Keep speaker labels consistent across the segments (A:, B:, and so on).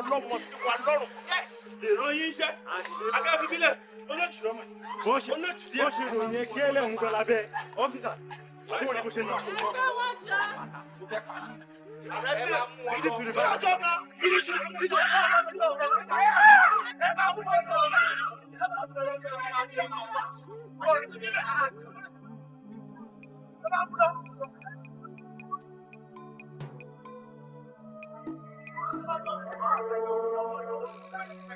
A: ọlọ́mọ sí wa lọ́rùn. èrò yín ṣe
B: akẹ́kọ̀ọ́ bílẹ̀ olóòtú lọ́mọ yìí. bó ṣe bó ṣe ròyìn ẹgbẹ́ lẹ́hùn gan lábẹ́ ọ́fíìsà báwo ni kò ṣe nà. Thank you. I'm sorry.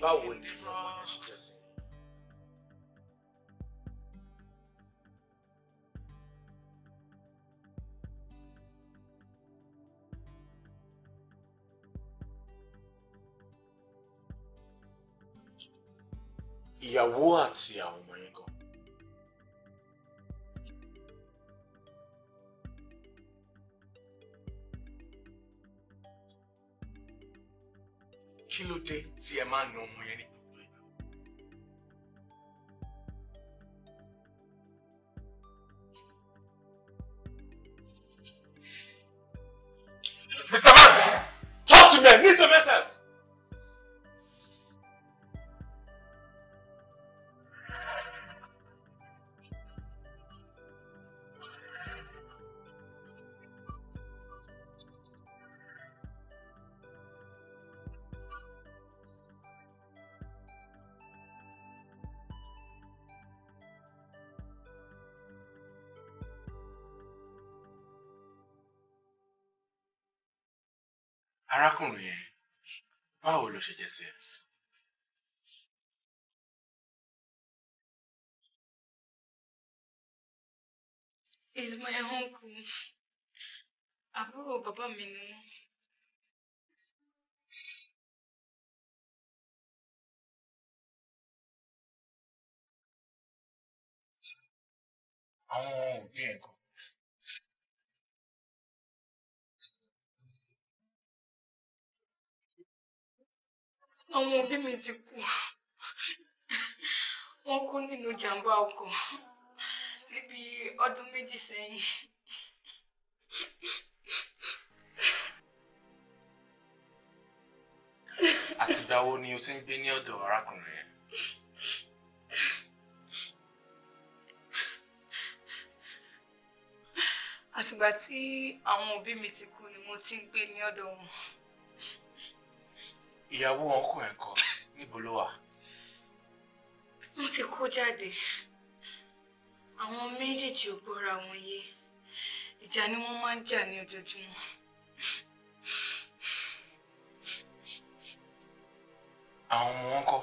B: báwo ni ọmọ yẹn ṣe jẹ́ sí
A: i. ìyàwó àti àwọn arákùnrin yẹn báwo ló ṣe jẹ́ sí ẹ.
C: is my uncle àbúrò bàbá mi ni wọ́n. àwọn òbí ẹ̀ kan àwọn òbí mi ti kú
D: wọ́n kú nínú jàǹbá ọkọ̀ níbi ọdún méjì sẹ́yìn.
A: àtìgbà wo ni o ti ń gbé ní ọ̀dọ̀ arákùnrin yẹn.
D: àtìgbà tí àwọn òbí mi ti kú ni mo ti ń gbé ní ọ̀dọ̀ wọn
A: ìyàwó ọkọ ẹ̀ kọ́ níbo ló
D: wà. wọ́n ti kó jáde àwọn méjèèjì ò gbọ́ra wọn yé ìjà ni wọ́n máa ń jà ní ojoojúmọ́.
E: àwọn ọmọ wọn
A: kọ́.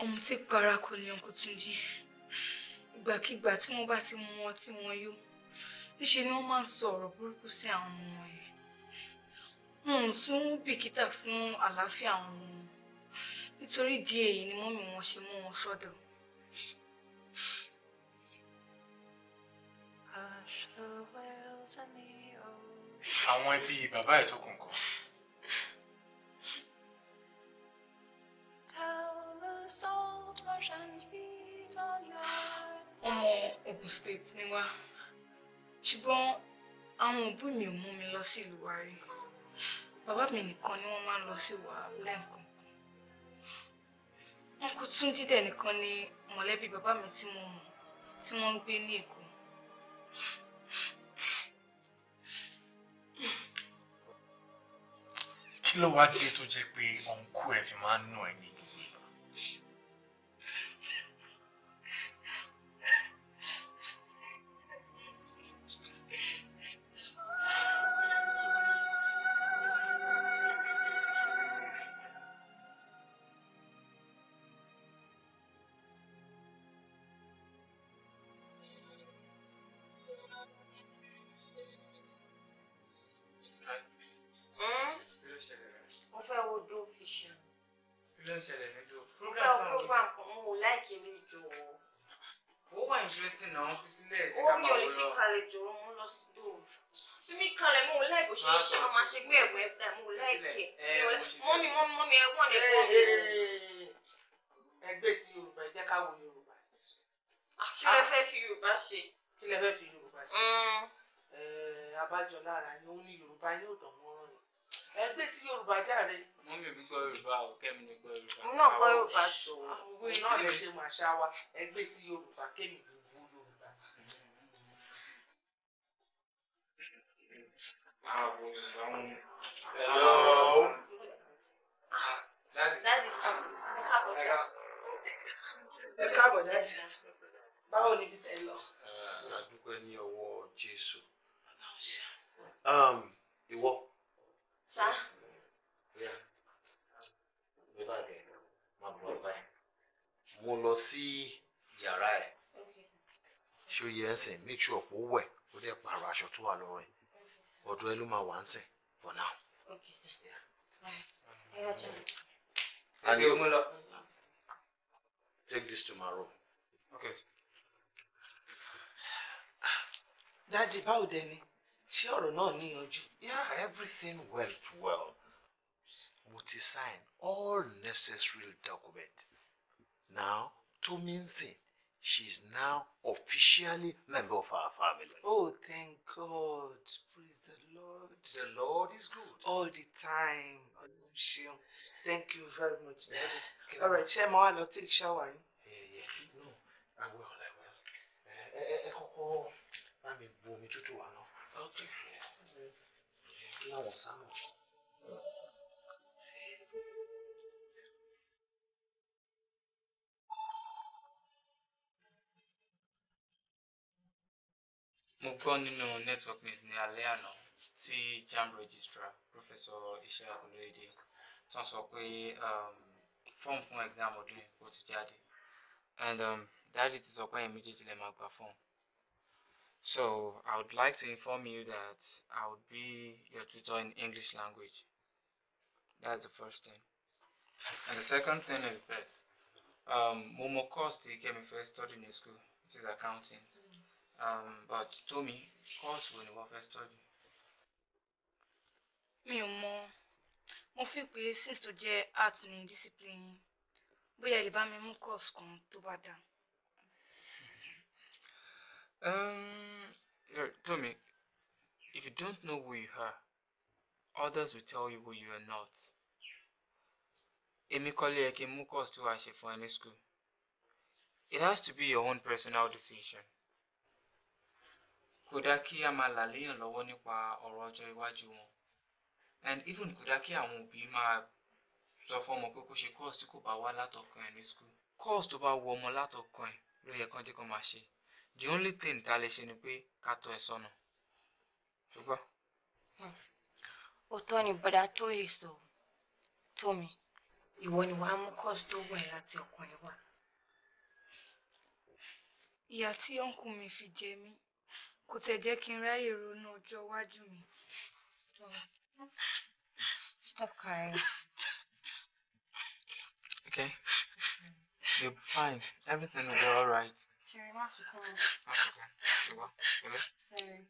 D: ohun tí paraku ni ọkọ tún jí ìgbàkigbà tí wọ́n bá ti mu ọtí wọn yó níṣe ni wọ́n máa ń sọ ọ̀rọ̀ burúkú sí àwọn ọmọ wọn yìí wọn ò tún bìkítà fún àlàáfíà àwọn ọmọ wọn nítorí ìdí èyí ni mọ́mì wọn ṣe mú wọn sọ́dọ̀.
B: àwọn ẹbí bàbá ẹ̀ tó kù ńkọ́. ọmọ
D: Ogun State ni wá ṣùgbọ́n àwọn òbí mi ò mú mi lọ sí ìlú wa rí bàbá mi nìkan ni wọ́n máa ń lọ sí wa lẹ́ẹ̀kọ̀ọ̀kan wọn kò tún dídẹ̀ nìkan ni mọ̀lẹ́bí bàbá mi tí mo mọ̀ tí wọ́n ń gbé ní Èkó
A: kí ló wá dé tó jẹ́ pé ọ̀nkú ẹ̀ fi
B: máa ń nù ẹ́
F: àṣà wa ẹgbẹ́ sí yorùbá kémi gbogbo yorùbá. Hello. Dadi. Ẹ káàbọ̀ dadi. Báwo ni bí tẹ lọ?
A: A dúpẹ́ ní ọwọ́ Jésù. Um, ìwọ. Sá. mo lọ sí yàrá ẹ̀ ṣé ó yẹ ẹ́ sìn make sure pé ó wẹ̀ ó dẹ̀ pààrọ̀ aṣọ tó wà lọ́rọ̀ ẹ̀ ọ̀dọ̀ ẹ ló máa wà ń sìn
G: for now. Okay, sir. Yeah. All right.
A: And take this tomorrow. Okay,
F: Daddy, how dẹ̀ ni? Ṣé ọ̀rọ̀ náà
A: níyanjú? Yeah, everything went well. Mo ti sign all necessary documents. Now, Tominsin, she is now officially member of our family.
F: Oh, thank God. Praise the Lord. The Lord is good. All the time. Thank you very much, Daddy. Okay. All right, Shema, I'll take shower. Yeah, yeah. No, I will, I will.
A: Eh, eh, eh, kọ́kọ́, bá mi bu omi tútù wá ná.
F: Okay. Yeah. Yeah. Now,
E: gbọ́ nínú network news ní alẹ́ àná tí jam registrar professor iṣẹ́ olóyèdè tán sọ pé um, fọ́ọ̀mù fún exam ọdún ó ti jáde and um, daddy ti sọ pé ẹ̀yin méjèèjì lè máa gba fọ́ọ̀mù so i would like to inform you that i would be your tutor in english language that's the first thing and the second thing is this um, mo mọ course tí kemi fẹ́ study in school which is accounting um, but Tommy, course when you wọ́n fẹ́ study.
D: Me ò mọ mo fi pé since to jẹ́ art ní discipline yín bóyá lè bá mi mú course kan tó bá dáa.
E: Um, Tómi if you don't know who you are others will tell you who you are not. Èmi kọ́ lé yẹ kí n mú course to wàá ṣe fún ẹ school. It has to be your own personal decision kò dá kí a máa là léèyàn lọ́wọ́ nípa ọ̀rọ̀ ọjọ́ iwájú wọn and even kò dá kí àwọn òbí máa sọ fún ọmọ pé kó ṣe course tí kò bá wá látọkàn ẹ̀ ní school course tó bá wọ ọmọ látọkàn ẹ̀ ló yẹ kán jẹ́ kán máa ṣe the only thing tá a lè ṣe ni pé ká tọ́ ẹ sọ́nà ṣùgbọ́n.
G: Hmm. òótọ́ ni bọ́dà tó yè sọ tómi ìwọ ni wàá mú course tó wọ̀ ẹ́ láti ọkàn ẹ̀
D: ìyà tí ọ̀nkù mi fi jẹ mí kò tẹ̀ jẹ́ kí n ráyè ronú ọjọ́ iwájú mi.
G: Stop crying.
E: Okay. You're fine. Everything will be alright.
G: Jerry, why don't
C: you come? That's okay. You will. Really?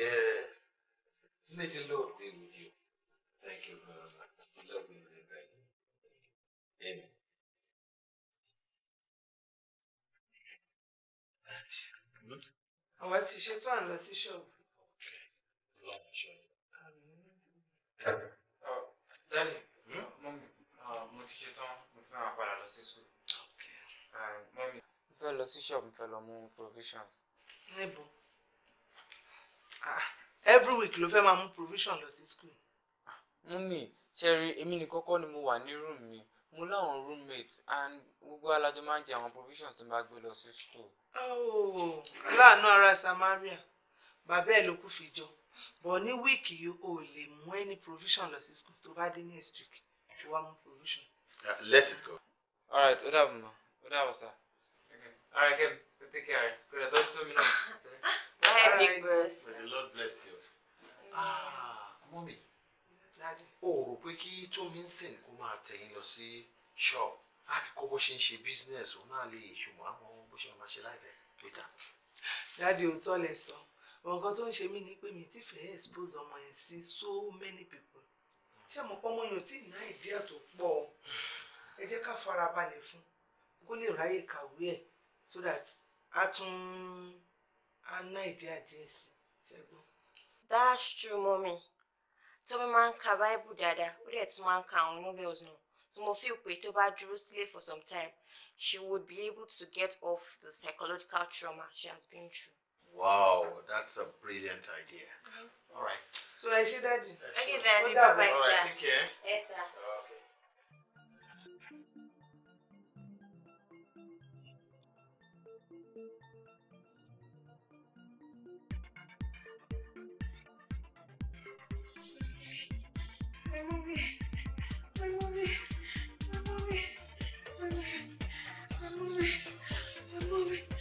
C: Yeah. Let the Lord with you. Thank you.
F: lọ. àwa ti ṣetán à ń lọ sí ṣọ́ọ̀bù. lọ́wọ́ ṣọ́ọ̀bù.
E: dáàdì mọ́mí mo ti ṣetán mo ti máa padà lọ sí school. mọ́mí mo fẹ́ lọ sí ṣọ́ọ̀bù mo fẹ́ lọ mú provision. níbo ah, every week ló fẹ́ máa mú provision lọ sí school. Ah, mọ́mí ṣẹ́rí èmi nìkan kọ́ ni mo wà ní rúùmù mi mo láwọn roommate and gbogbo alájọ máa ń jẹ àwọn provisions tó bá gbé lọ sí school
F: láàánú ara Samaria bàbá ẹ ló kù fi jọ bọ ní wíìkì yìí o lè mú any provision lọ sí school tó bá dé next week fi wá mú provision.
E: Yeah, let it go. all right ó dàbọ̀ mọ́ ó dàbọ̀ sá. all right Kemi take care go dey tọ́jú tó mi náà. bye big bros. may the lord bless you.
A: ah mọ́mí o rò pé kí tómi ń sìn kó máa tẹ̀yìn lọ sí ṣọ́ọ̀bù láti kó bó ṣe ń ṣe business òun náà lè ṣùgbọ́n àmọ́ bó ṣe máa ṣe láìpẹ́
F: later. dáàdi òótọ́ lẹ sọ nǹkan tó ń ṣe mí ni pé mi ti fẹ́ expose ọmọ yẹn sí so many people ṣé mo pọ́ ọmọ tí ì ìdíyà tó pọ̀ ẹ jẹ́ ká farabalẹ̀ fún kó lè ráyè kàwé ẹ̀ so that a tún a ná ìdíyà díẹ̀ sí ṣẹ́gun. that's true
G: mommy tó mi máa ń ka bible dáadáa ó dẹ̀ tún máa ń ka àwọn novels náà tí mo fi pé tó bá dúró sílé for some time she would be able to get off the psychological trauma she has been through. Wow,
A: that's a brilliant idea. Mm -hmm. All right.
G: So I see
F: that. Okay, then. Bye-bye. All right, take care. Yes, sir.
C: Okay. it. I love it.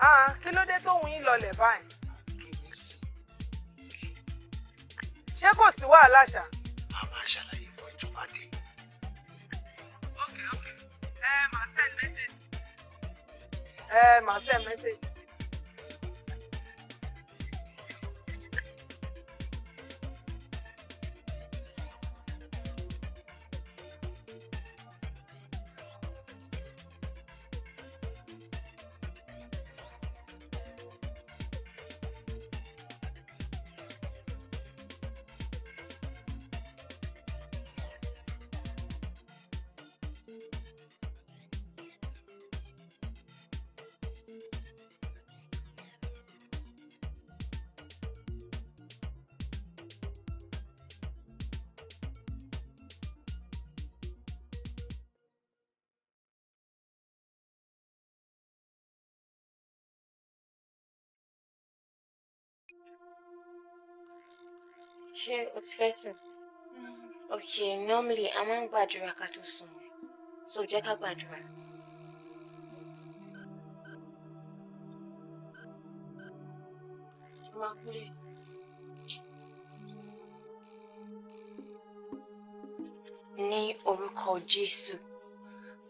F: Ah, kí ló dé tóun yín lọlẹ̀ báyìí. ṣé kò sí wàhálà ṣá. a máa ṣàlàyé fún ìjọba dé. ok ok ẹ eh, máa send message. ẹ eh, máa send message.
G: normally a máa ń gbàdúrà ká tó sùn so jẹ́ ká gbàdúrà. Má kúrè. Ní orúkọ Jésù.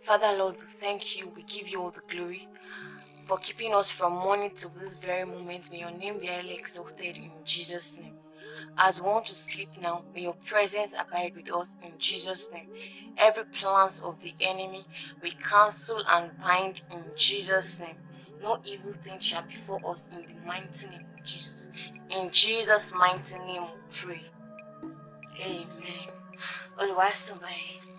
G: Father Lord, we thank you. We give you all the glory for keeping us from morning till this very moment. May your name be highly exalted in Jesus' name. as we want to sleep now, may your presence abide with us in Jesus' name. Every plans of the enemy we cancel and bind in Jesus' name. No evil thing shall befall us in the mighty name of Jesus. In Jesus' mighty name we pray. Amen. Olùwàsùnmọ̀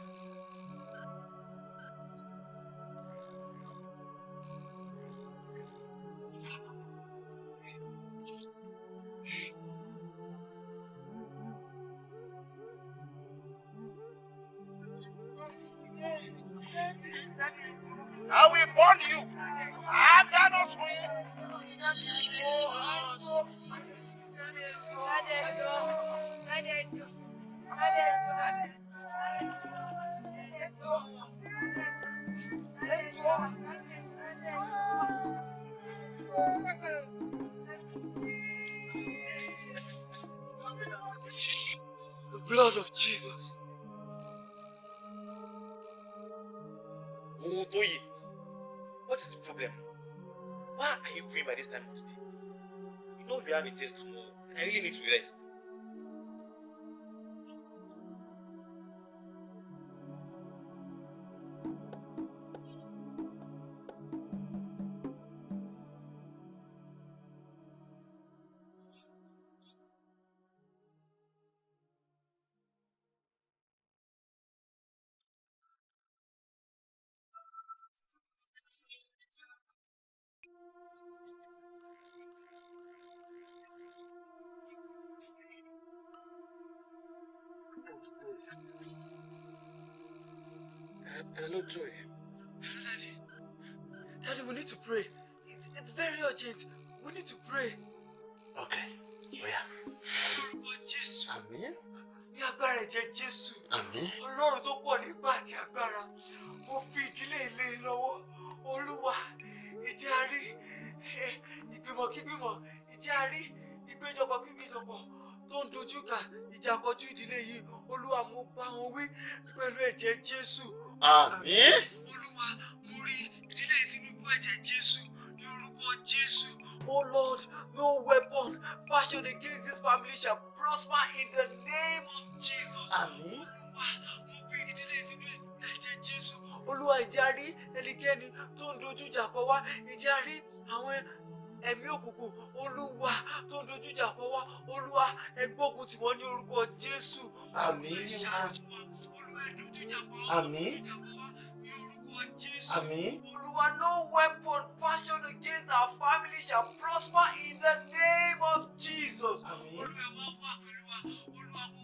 B: àmín. olúwa mo rí ìdílé Tinubu ẹ̀jẹ̀ jésù ní orúkọ jésù. Oh Lord, no weapon fashioned against this family shall prosper in the name of Jesus. Àmín. Olúwa mo fi ìdílé Tinubu ẹ̀jẹ̀ jésù. Olúwa ìjà rí ẹnikẹ́ni tó ń dojú ìjà kọ wá ìjà rí àwọn ẹ̀mí òkùnkùn olúwa tó dojújà kọ wá olúwa ẹgbógun tí wọ́n ní orúkọ jésù àmín
F: àmín àmín.
B: olúwa no weapon fashioned against our family shall prosper in the name of jesus. àmín. olúwa wá wá pẹ̀lú olúwa kò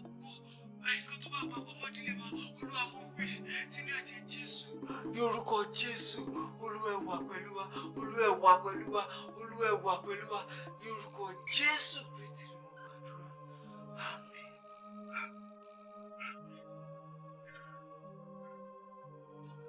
B: àìkọ́ tó bá papọ̀ mọ́dílé wa olúwa mo wí sínú ẹ̀jẹ̀ jésù ní orúkọ jésù olúwa ẹ wà pẹ̀lú wa olúwa ẹ wà pẹ̀lú wa olúwa ẹ wà pẹ̀lú wa ní orúkọ jésù
C: kristi ni mo gbàdúrà àmín. Thank you.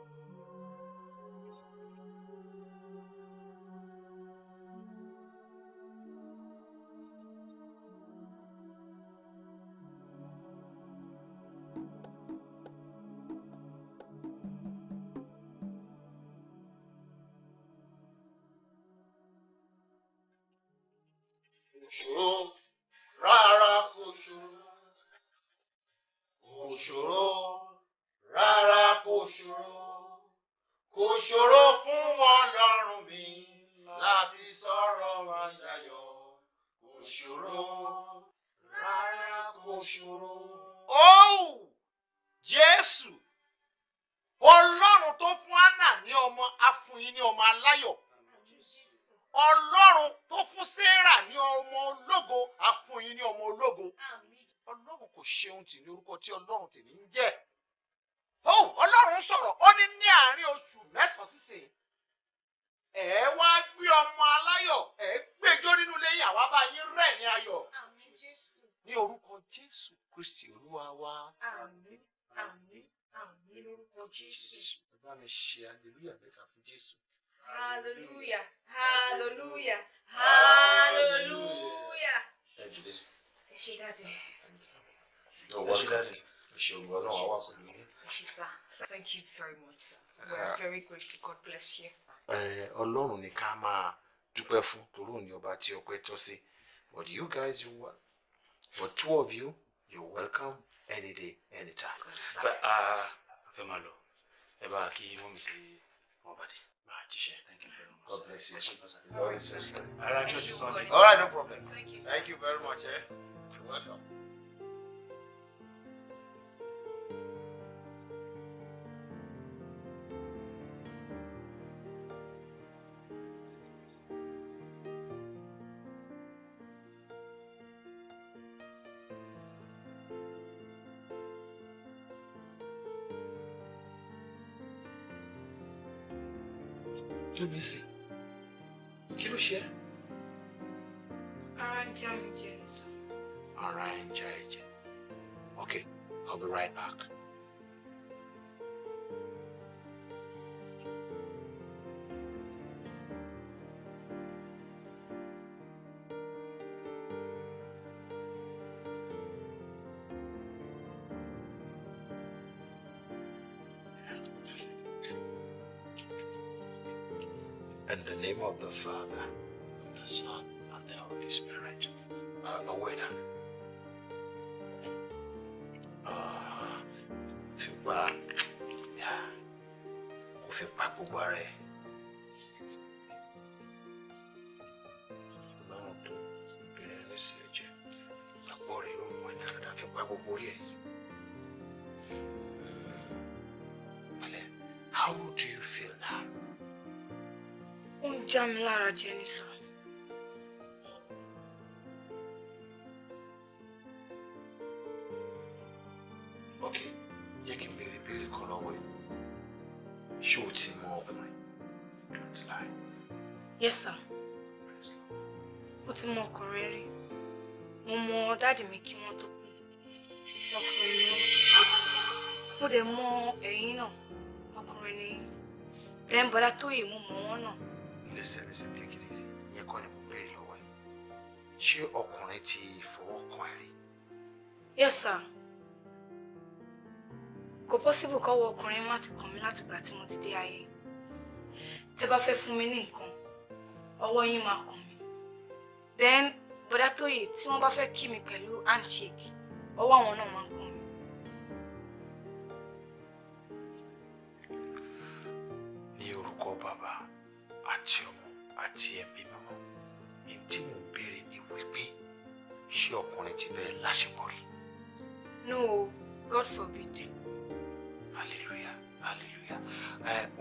A: aláyọ̀ ọlọ́run tó fún sarah ní ọmọ ológo á fún yín ní ọmọ ológo ọlọ́run kò ṣeun tì ní orúkọ tí ọlọ́run tì ní ń jẹ́ ó ọlọ́run sọ̀rọ̀ ó ní ní àárín oṣù mẹ́sàn-án sísìn ẹ wá gbé ọmọ aláyọ̀ ẹ gbẹjọ́ nínú ilé yín àwa yín rẹ̀ ní ayọ̀ ní orúkọ jésù kristi olúwa wa. àmín àmín àmín lórúkọ jésù. ẹ mi ṣe aleluya mẹ́ta fún jésù.
H: Hallelujah. Hallelujah. Hallelujah. Ẹ ṣé dáadé. You're welcome.
D: Ẹ ṣé olúwa náà wà
H: wá pẹ̀lú yín. Ẹ ṣé sá. Thank you very much sir. We ah. very grateful. God bless you.
A: Ọlọ́run ni ká máa dúpẹ́ fún torí òun ni ọba tí ọpẹ́ tọ́ sí. But you guys, you were, but two of you, you're welcome any day, any time.
E: Ah, a fẹ́ máa lọ. Ẹ bá kí mọ́mí sí. Nobody. Thank you very much. God bless you. All right, no problem. Thank you, Thank you
A: very much. Eh? You're welcome. name of the Father, and the Son, and the Holy Spirit. Uh, a waiter. Uh, ah, fi gba, yeah. Mo fi pa gbogbo ara
D: já mi lára jẹ ní sọ.
B: ok
A: jẹ́ kí n béèrè béèrè kan lọ́wọ́ ẹ̀ ṣé o ti mọ ọkùnrin don't
D: lie. yes sir ó ti mọ ọkùnrin rí mo mọ dáàdì mi kí wọ́n tó kú ọkùnrin ni mo dẹ̀ mọ ẹ̀yin náà ọkùnrin ni dẹ́nbọ́dá tó yìí mo mọ wọn náà
A: listen listen take it easy ìyẹn kọ́ ni mo béèrè lọ́wọ́ ṣé ọkùnrin ti fọwọ́ kan rí.
D: yes sir kò possible kọ́wọ́ ọkùnrin má ti kàn mí látìgbà tí mo ti dé ayé tẹ bá fẹ́ fún mi ní nǹkan ọwọ́ yín máa kàn mí then bọ̀dá tó yè tí wọ́n bá fẹ́ kí mi pẹ̀lú handshake ọwọ́ àwọn náà máa ń kàn
A: àti ẹ̀mí mímọ́ ní tí mò ń béèrè ni wípé ṣé ọkùnrin ti bẹ́ẹ̀ láṣepọ̀ rí.
D: no god forbid. hallelujah
A: hallelujah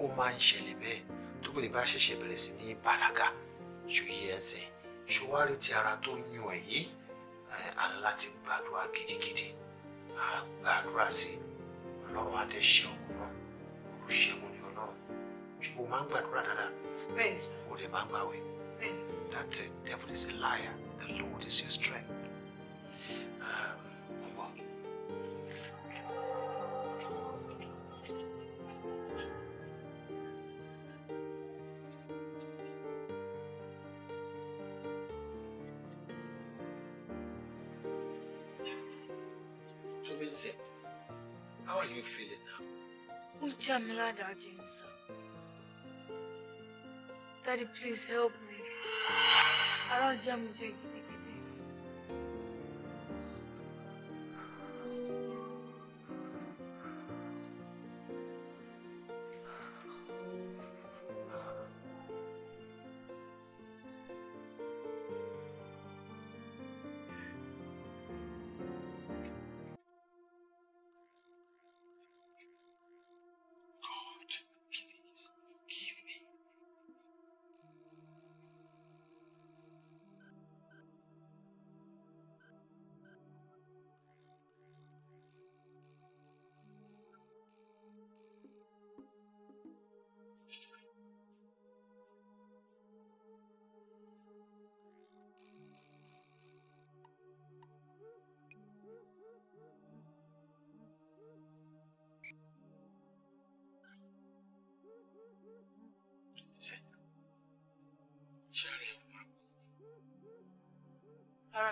A: ó máa ń ṣẹlẹ̀ bẹ́ẹ̀ tóbìnrin bá ṣẹ̀ṣẹ̀ bẹ̀rẹ̀ sí ní bàràgà ṣòye ẹ̀sìn ṣòwárí ti ara tó yún ẹ̀ yìí à ń láti gbàdúrà gidigidi à gbàdúrà sí ọlọ́run adẹ́ṣẹ́ ọkùnrin olùṣègùn ni ọlọ́run ṣùgbọ́n máa ń gbàdúrà dáadáa Bẹ́ẹ̀ni sir. O dẹ̀ máa ń gbàwẹ̀. That devil is a liar. The Lord is your strength. Um, mo ń bọ̀. How are you feeling
D: now? Ó já mi ládàá, Jensen. Daddy, please help me. I don't jam with a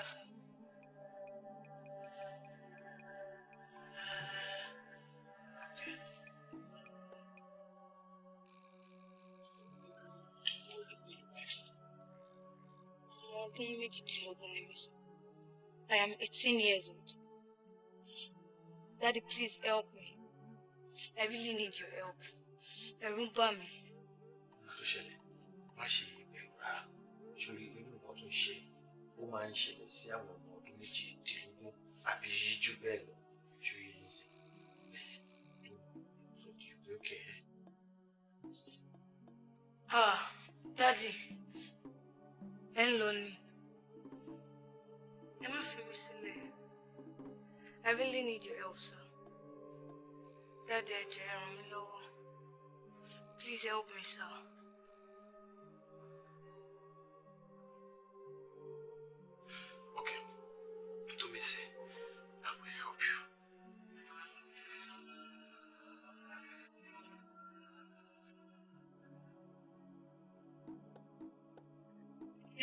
D: person. ọdún méjìdínlógún ni mi I am eighteen years old Daddy please help me I really need your help I ń bà mí.
A: kò tó ṣẹlẹ̀ má ṣe ìbẹ̀rù ó máa ń ṣẹlẹ̀ sí àwọn ọmọ ọdún méjìdínlógún àbí jù bẹ́ẹ̀ lọ ju yìí sí
D: tó di òkè. ah dádì ẹ ń lọ ni ẹ má fi mí sílẹ̀ I really need your help sir dádì ẹ jẹ́ ẹ ràn mí lọ́wọ́ please help me sir.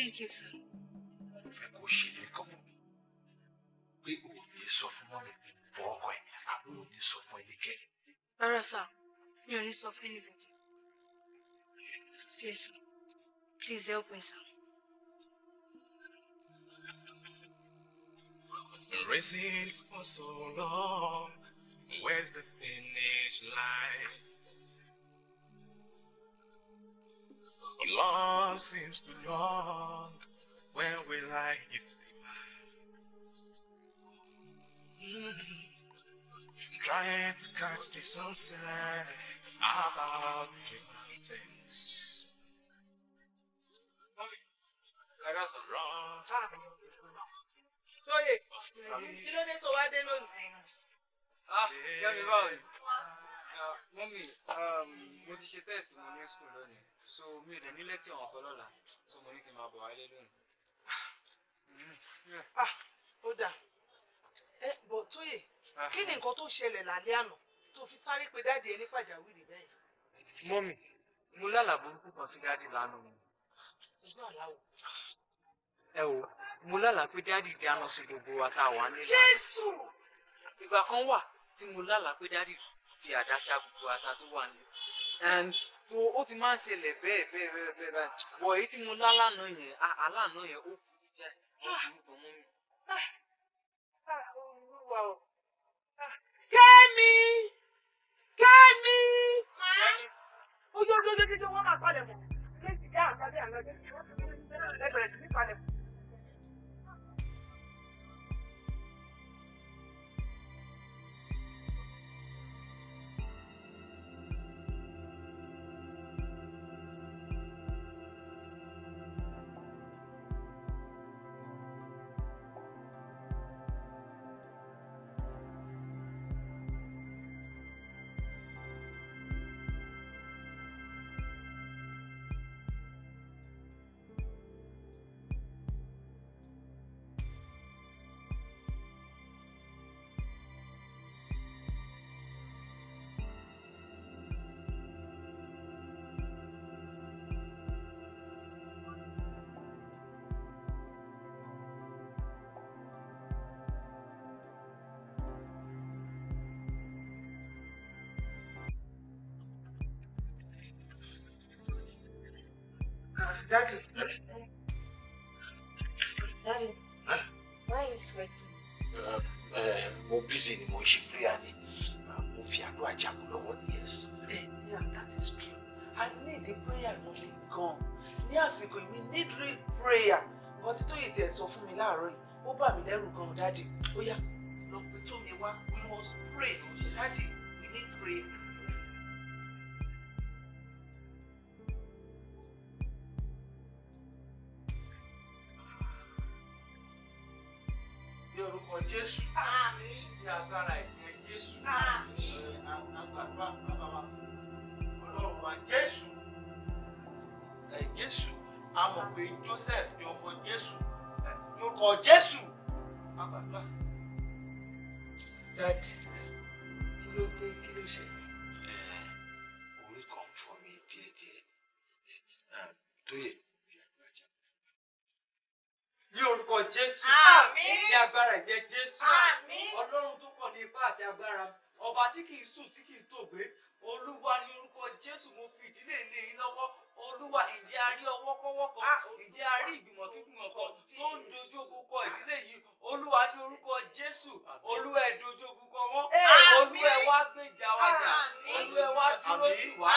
C: Thank you, sir.
A: Mo fẹ́ kó ṣèlérí kan fún mi pé o ò ní sọ fún mọ́mi pé mo fọ ọkọ ẹ̀ àbí o ò ní sọ fún
D: ẹnikẹ́ni. Rárá anybody. Yes, sir. Please help me, sir.
F: Racing for so long, where's the finish line? The long seems too long. When will I hit the Trying to catch the sunset above
B: the mountains. Lóye, ah, kí ló dé tó wá dé lónìí? Ah, yá mi báwo?
E: Ah, mọ́mí, um, mo ti ṣe tẹ́ẹ̀sì mo ní school lónìí so mi ò dẹ̀ ní lẹ́tì ọ̀hún ọ̀pẹ lọ́la so mo ní kí n máa bọ̀ wáyé lónìí.
F: Ah, ó dà ẹ bọ̀ tóyè ah. kí ni nǹkan tó ṣẹlẹ̀ lálẹ́ àná tó fi sáré pé dáàdì ẹ ní pàjáwìrì bẹ́ẹ̀.
B: mọ́mì mo lálàá burúkú kan sí dáàdì lánàá mi. ìgbà aláwọ̀. ẹ wo mo lálàá pé dáàdì dáná sí gbogbo wa tá a wà nílẹ̀. jésù. ìgbà kan wà tí mo lálàá pé dáàdì fi àdá ṣá gbogbo ata tó wà nílẹ̀ tó ó ti máa ń ṣẹlẹ̀ bẹ́ẹ̀ bẹ́ẹ̀ bẹ́ẹ̀ bẹ́ẹ̀ báyìí wọ̀ èyí tí mo lálànà yẹn àlànà yẹn ó burú jáì ó burú mi.
F: Kẹ́mi Kẹ́mi.
I: ojú ojú ojú ojú wọn máa palẹ̀ mọ́ kéjì dá àgbàdo àgbàdo ẹgbẹ̀rẹ̀ sí ní palẹ̀ mọ́.
F: Daddy. Daddy. Huh? Why are you sweating? Uh,
A: uh, mo busy ni mo ń ṣe
F: prayer ni. Uh, mo fi àdúrà jagun lọ́wọ́ ni eh, Yeah, that is true. I need the prayer mo fi gan. Ní we need real prayer. But tí Tóyè tiẹ̀ sọ fún mi láàárọ̀ yìí, ó bà mí lẹ́rù gan-an, Daddy. Ó yá, lọ pe Tómi we must pray. Daddy, we need prayer.
B: ló ṣẹlẹ̀. Eh, orí kan fọ́ mi díẹ̀díẹ̀ eh, ah, tóyè ní orúkọ jésù ní agbára ẹ̀jẹ̀ jésù ọlọ́run tó pọ̀ ní ipá àti agbára ọba tí kìí sùn tí kìí tògbé olúwa ní orúkọ jésù mo fi ìdílé ilé lọ́wọ́ olúwa ìjẹ́ àrí ọwọ́kọ́wọ́ kan ìjẹ́ ah, àrí ìgbìmọ̀ kígbìmọ̀ kan tó ń dojúgun kọ ìdílé yìí olúwa ní orúkọ jésù olúwa ẹ dojúgun kọ wọn olúwa ẹ wá gbèjà wa jà olúwa ẹ wá dúró tì wá.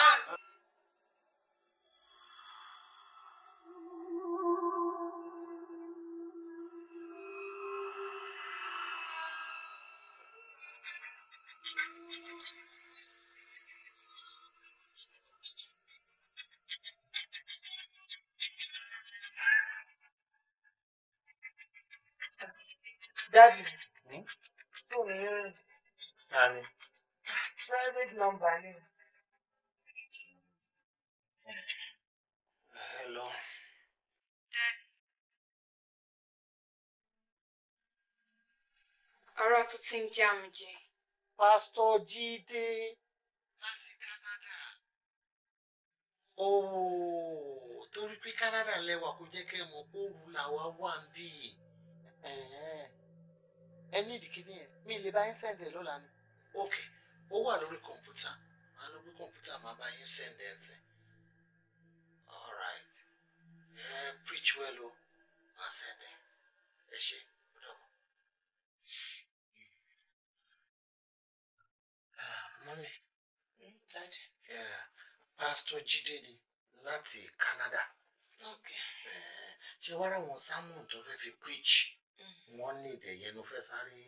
B: Hello. Hello. Ara tún ti ń já mi Canada.
A: torí pé Canada lẹ́wà kò jẹ́ kẹ́ mọ̀ pé òru làwa wà ń bì. Ẹ ní ìdíkíní mi lè bá Ok, o wa lori kọ̀ǹpútà máa bá yín sẹ̀ǹdẹ̀ ẹ̀sìn all right ẹ eh, preach well o oh. máa sẹ̀ǹdẹ̀ ẹ ṣe ọ̀dọ́mọ. mọ́mí pásítọ̀ Jídé ni láti Canada eh, ṣé wàá ráwọn sermon tó fẹ́ fi preach hmm. wọ́n ní ìdẹ̀yẹn ló fẹ́ sáré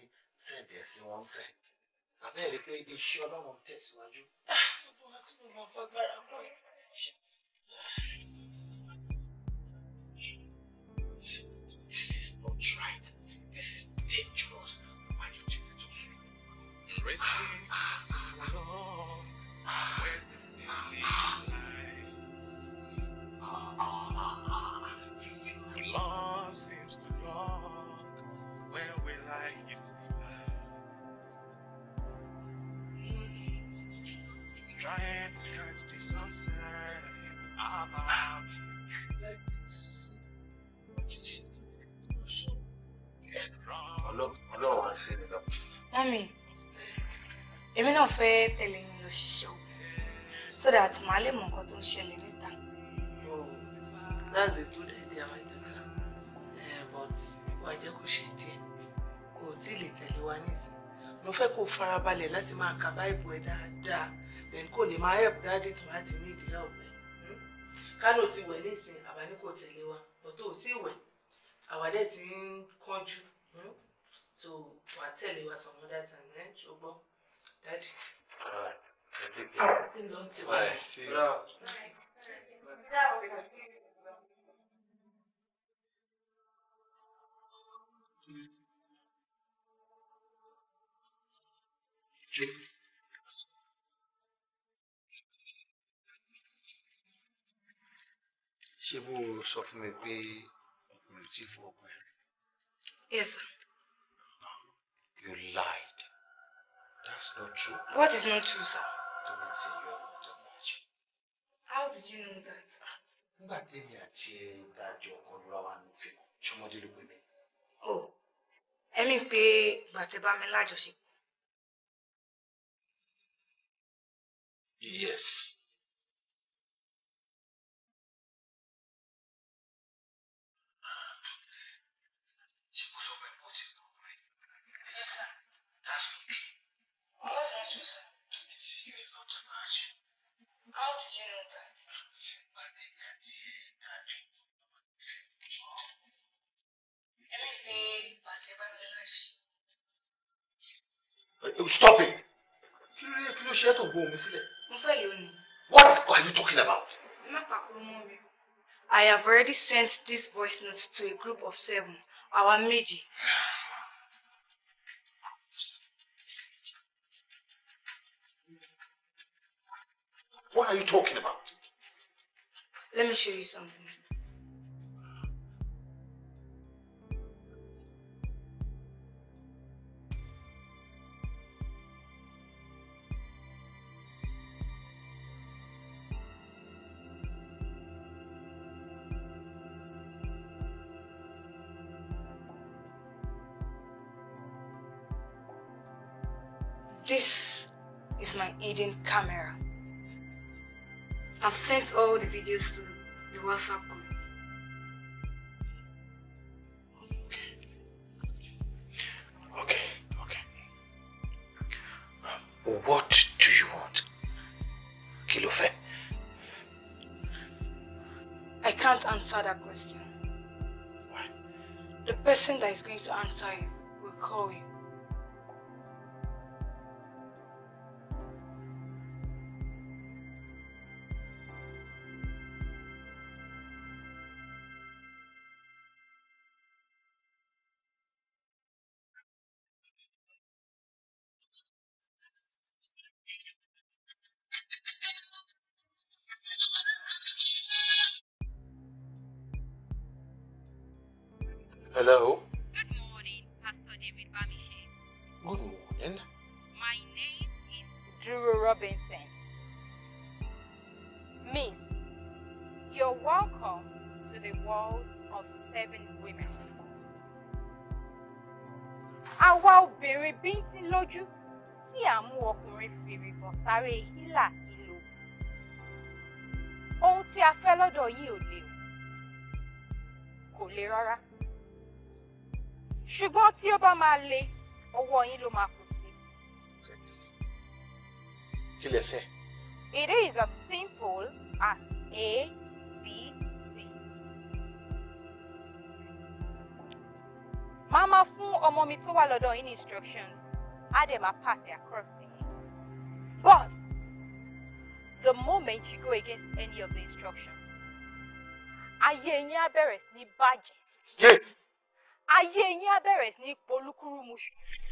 A: sẹ̀ǹdẹ̀ sí wọ́n sẹ̀ àbẹ́ẹ̀rí pé ibi iṣẹ́ Ọlọ́run tẹ̀síwájú. Ah, This, this is not right. This is dangerous. Why did you let us Resting us alone
F: where the
B: daily
D: mọ́mì èmi náà fẹ́ tẹ̀lé yín lọ ṣiṣẹ́ o so that màá lè mọ nǹkan tó ń ṣẹlẹ̀ níta.
F: that's a good idea my daughter uh, but wàá jẹ́ kó ṣe díẹ̀ kò tí ì lè tẹ̀lé wa nísìnyí mo fẹ́ kó farabalẹ̀ láti máa kà báìbù ẹ dáadáa then kò lè máa help dáàdì tó láti ní ìdí help ẹ hmm? kánò ti wẹ̀ nísìnyí àbá ní kò tẹ̀lé wa but tó ò tí ì wẹ̀ àwàdẹ́ ti ń kánjú. Hmm? so I tell you what some other time ẹ̀ ṣùgbọ́n dáàdì.
C: àwọn tí ń lọ Bye. wà ní.
F: Thank
G: you.
A: ṣé bó sọ fún mi pé ọkùnrin tí fọ ọkùnrin. yes sir. You lied. That's not true.
D: What is not true, sir? Don't say you are not a virgin. How did you know that? Nígbà
A: tèmi àti ìdájọ́ ọkùnrin wa wà ní fìmọ̀, ṣọmọdé ló pè me.
D: Oh, ẹ̀mí pé gbàtẹ́ bá mi lájọṣepọ̀.
C: Yes.
A: stop it kí ló yẹ kí ló ṣe é tó gbóhùn mi sílẹ̀.
D: mo ni.
A: what are you talking about.
D: má pàkúrú mọ́ mi. I have already sent this voice note to a group of seven Our méjì. What are you talking about? Let me show you something. hidden camera. I've sent all the videos to the WhatsApp group.
A: Okay, okay. Um, what do you want, Kilofe?
D: I can't answer that question. Why? The person that is going to answer you will call you.
H: lé ọwọ́ yín ló máa kù sí. kí lẹ fẹ́. It is as simple as A, B, C. Màá máa fún ọmọ mi tó wà lọ́dọ̀ yín ní instructions, á dẹ̀ máa pass it across sí yín. But the moment you go against any of the instructions, ayé yín á bẹ̀rẹ̀ sí ní bàjẹ́. Yeah ayé yín á bẹ̀rẹ̀ sí ní polúkúrúmuṣu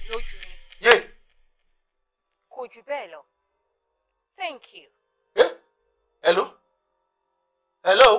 H: lójú mi. yé. kò jù bẹ́ẹ̀ lọ thank you. ẹ
A: hello hello.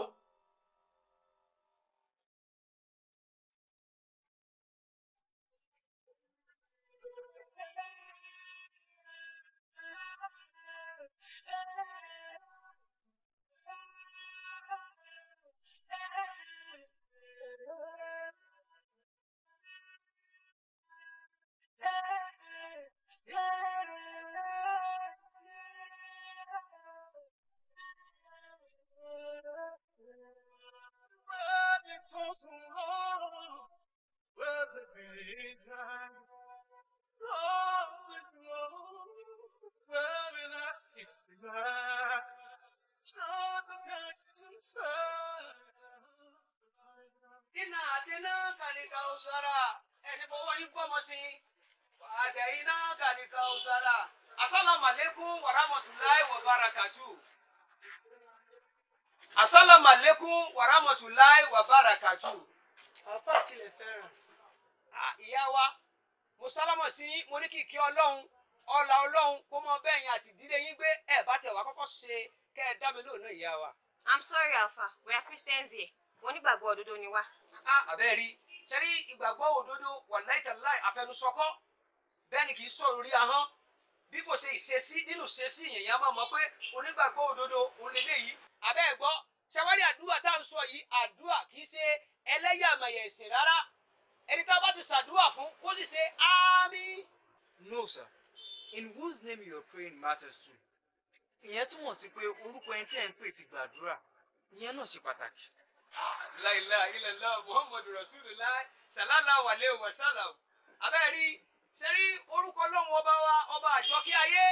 I: sara ẹni fọwọ́ yín gbọ́mọ sí
E: àdẹ̀yìn náà kàníkà ó sara
I: asálàmàlẹ́kùn wàràmọ̀túnláì wàbárakàtù asálàmàlẹ́kùn wàràmọ̀túnláì wàbárakàtù. àfa kìlẹ̀ fẹ́ràn. ìyá wa mo sálámọ̀ sí mo ní kìkì ọlọ́run ọlá ọlọ́run kó mọ bẹ́ẹ̀ yẹn àti ìdílé yín gbé ẹ̀ bá tẹ̀ wá kọ́kọ́ ṣe kẹ́ ẹ dá mi lóòóná ìyá wa. I'm sorry Alfa we are Christians here onígbàgbọ́ òdodo ni wá. abẹ́ẹ̀ rí sẹ́rí ìgbàgbọ́ òdodo wàláì tàláì àfẹnusọkọ́ bẹ́ẹ̀ ni kì í sọ̀rọ̀ rí ahọ́n bí kò ṣe ìṣesí nínú ìṣesí yìnyín a máa mọ̀ pé onígbàgbọ́ òdodo òun lélẹ́yìí abẹ́ ẹ̀ gbọ́ ṣẹwárí àdúrà tá à ń sọ yìí àdúrà kì í ṣe ẹlẹ́yàmẹ̀yà ẹ̀sìn rárá ẹni tá a bá ti ṣàdúrà fún kó sì ṣe àmín.
B: no sir in whose name you are praying matters
I: too. ìyẹn túmọ̀ sí pé orúkọ ẹni tẹ́ ẹ̀ ń pè fi gbàdúrà ìyẹn náà ṣe pàtàkì la ilaha illallah muhammadu rasulullah sallallahu alaihi wasallam abẹ́rí sẹ́rí orúkọ ọlọ́run ọba wa ọba àjọkẹ́ ayé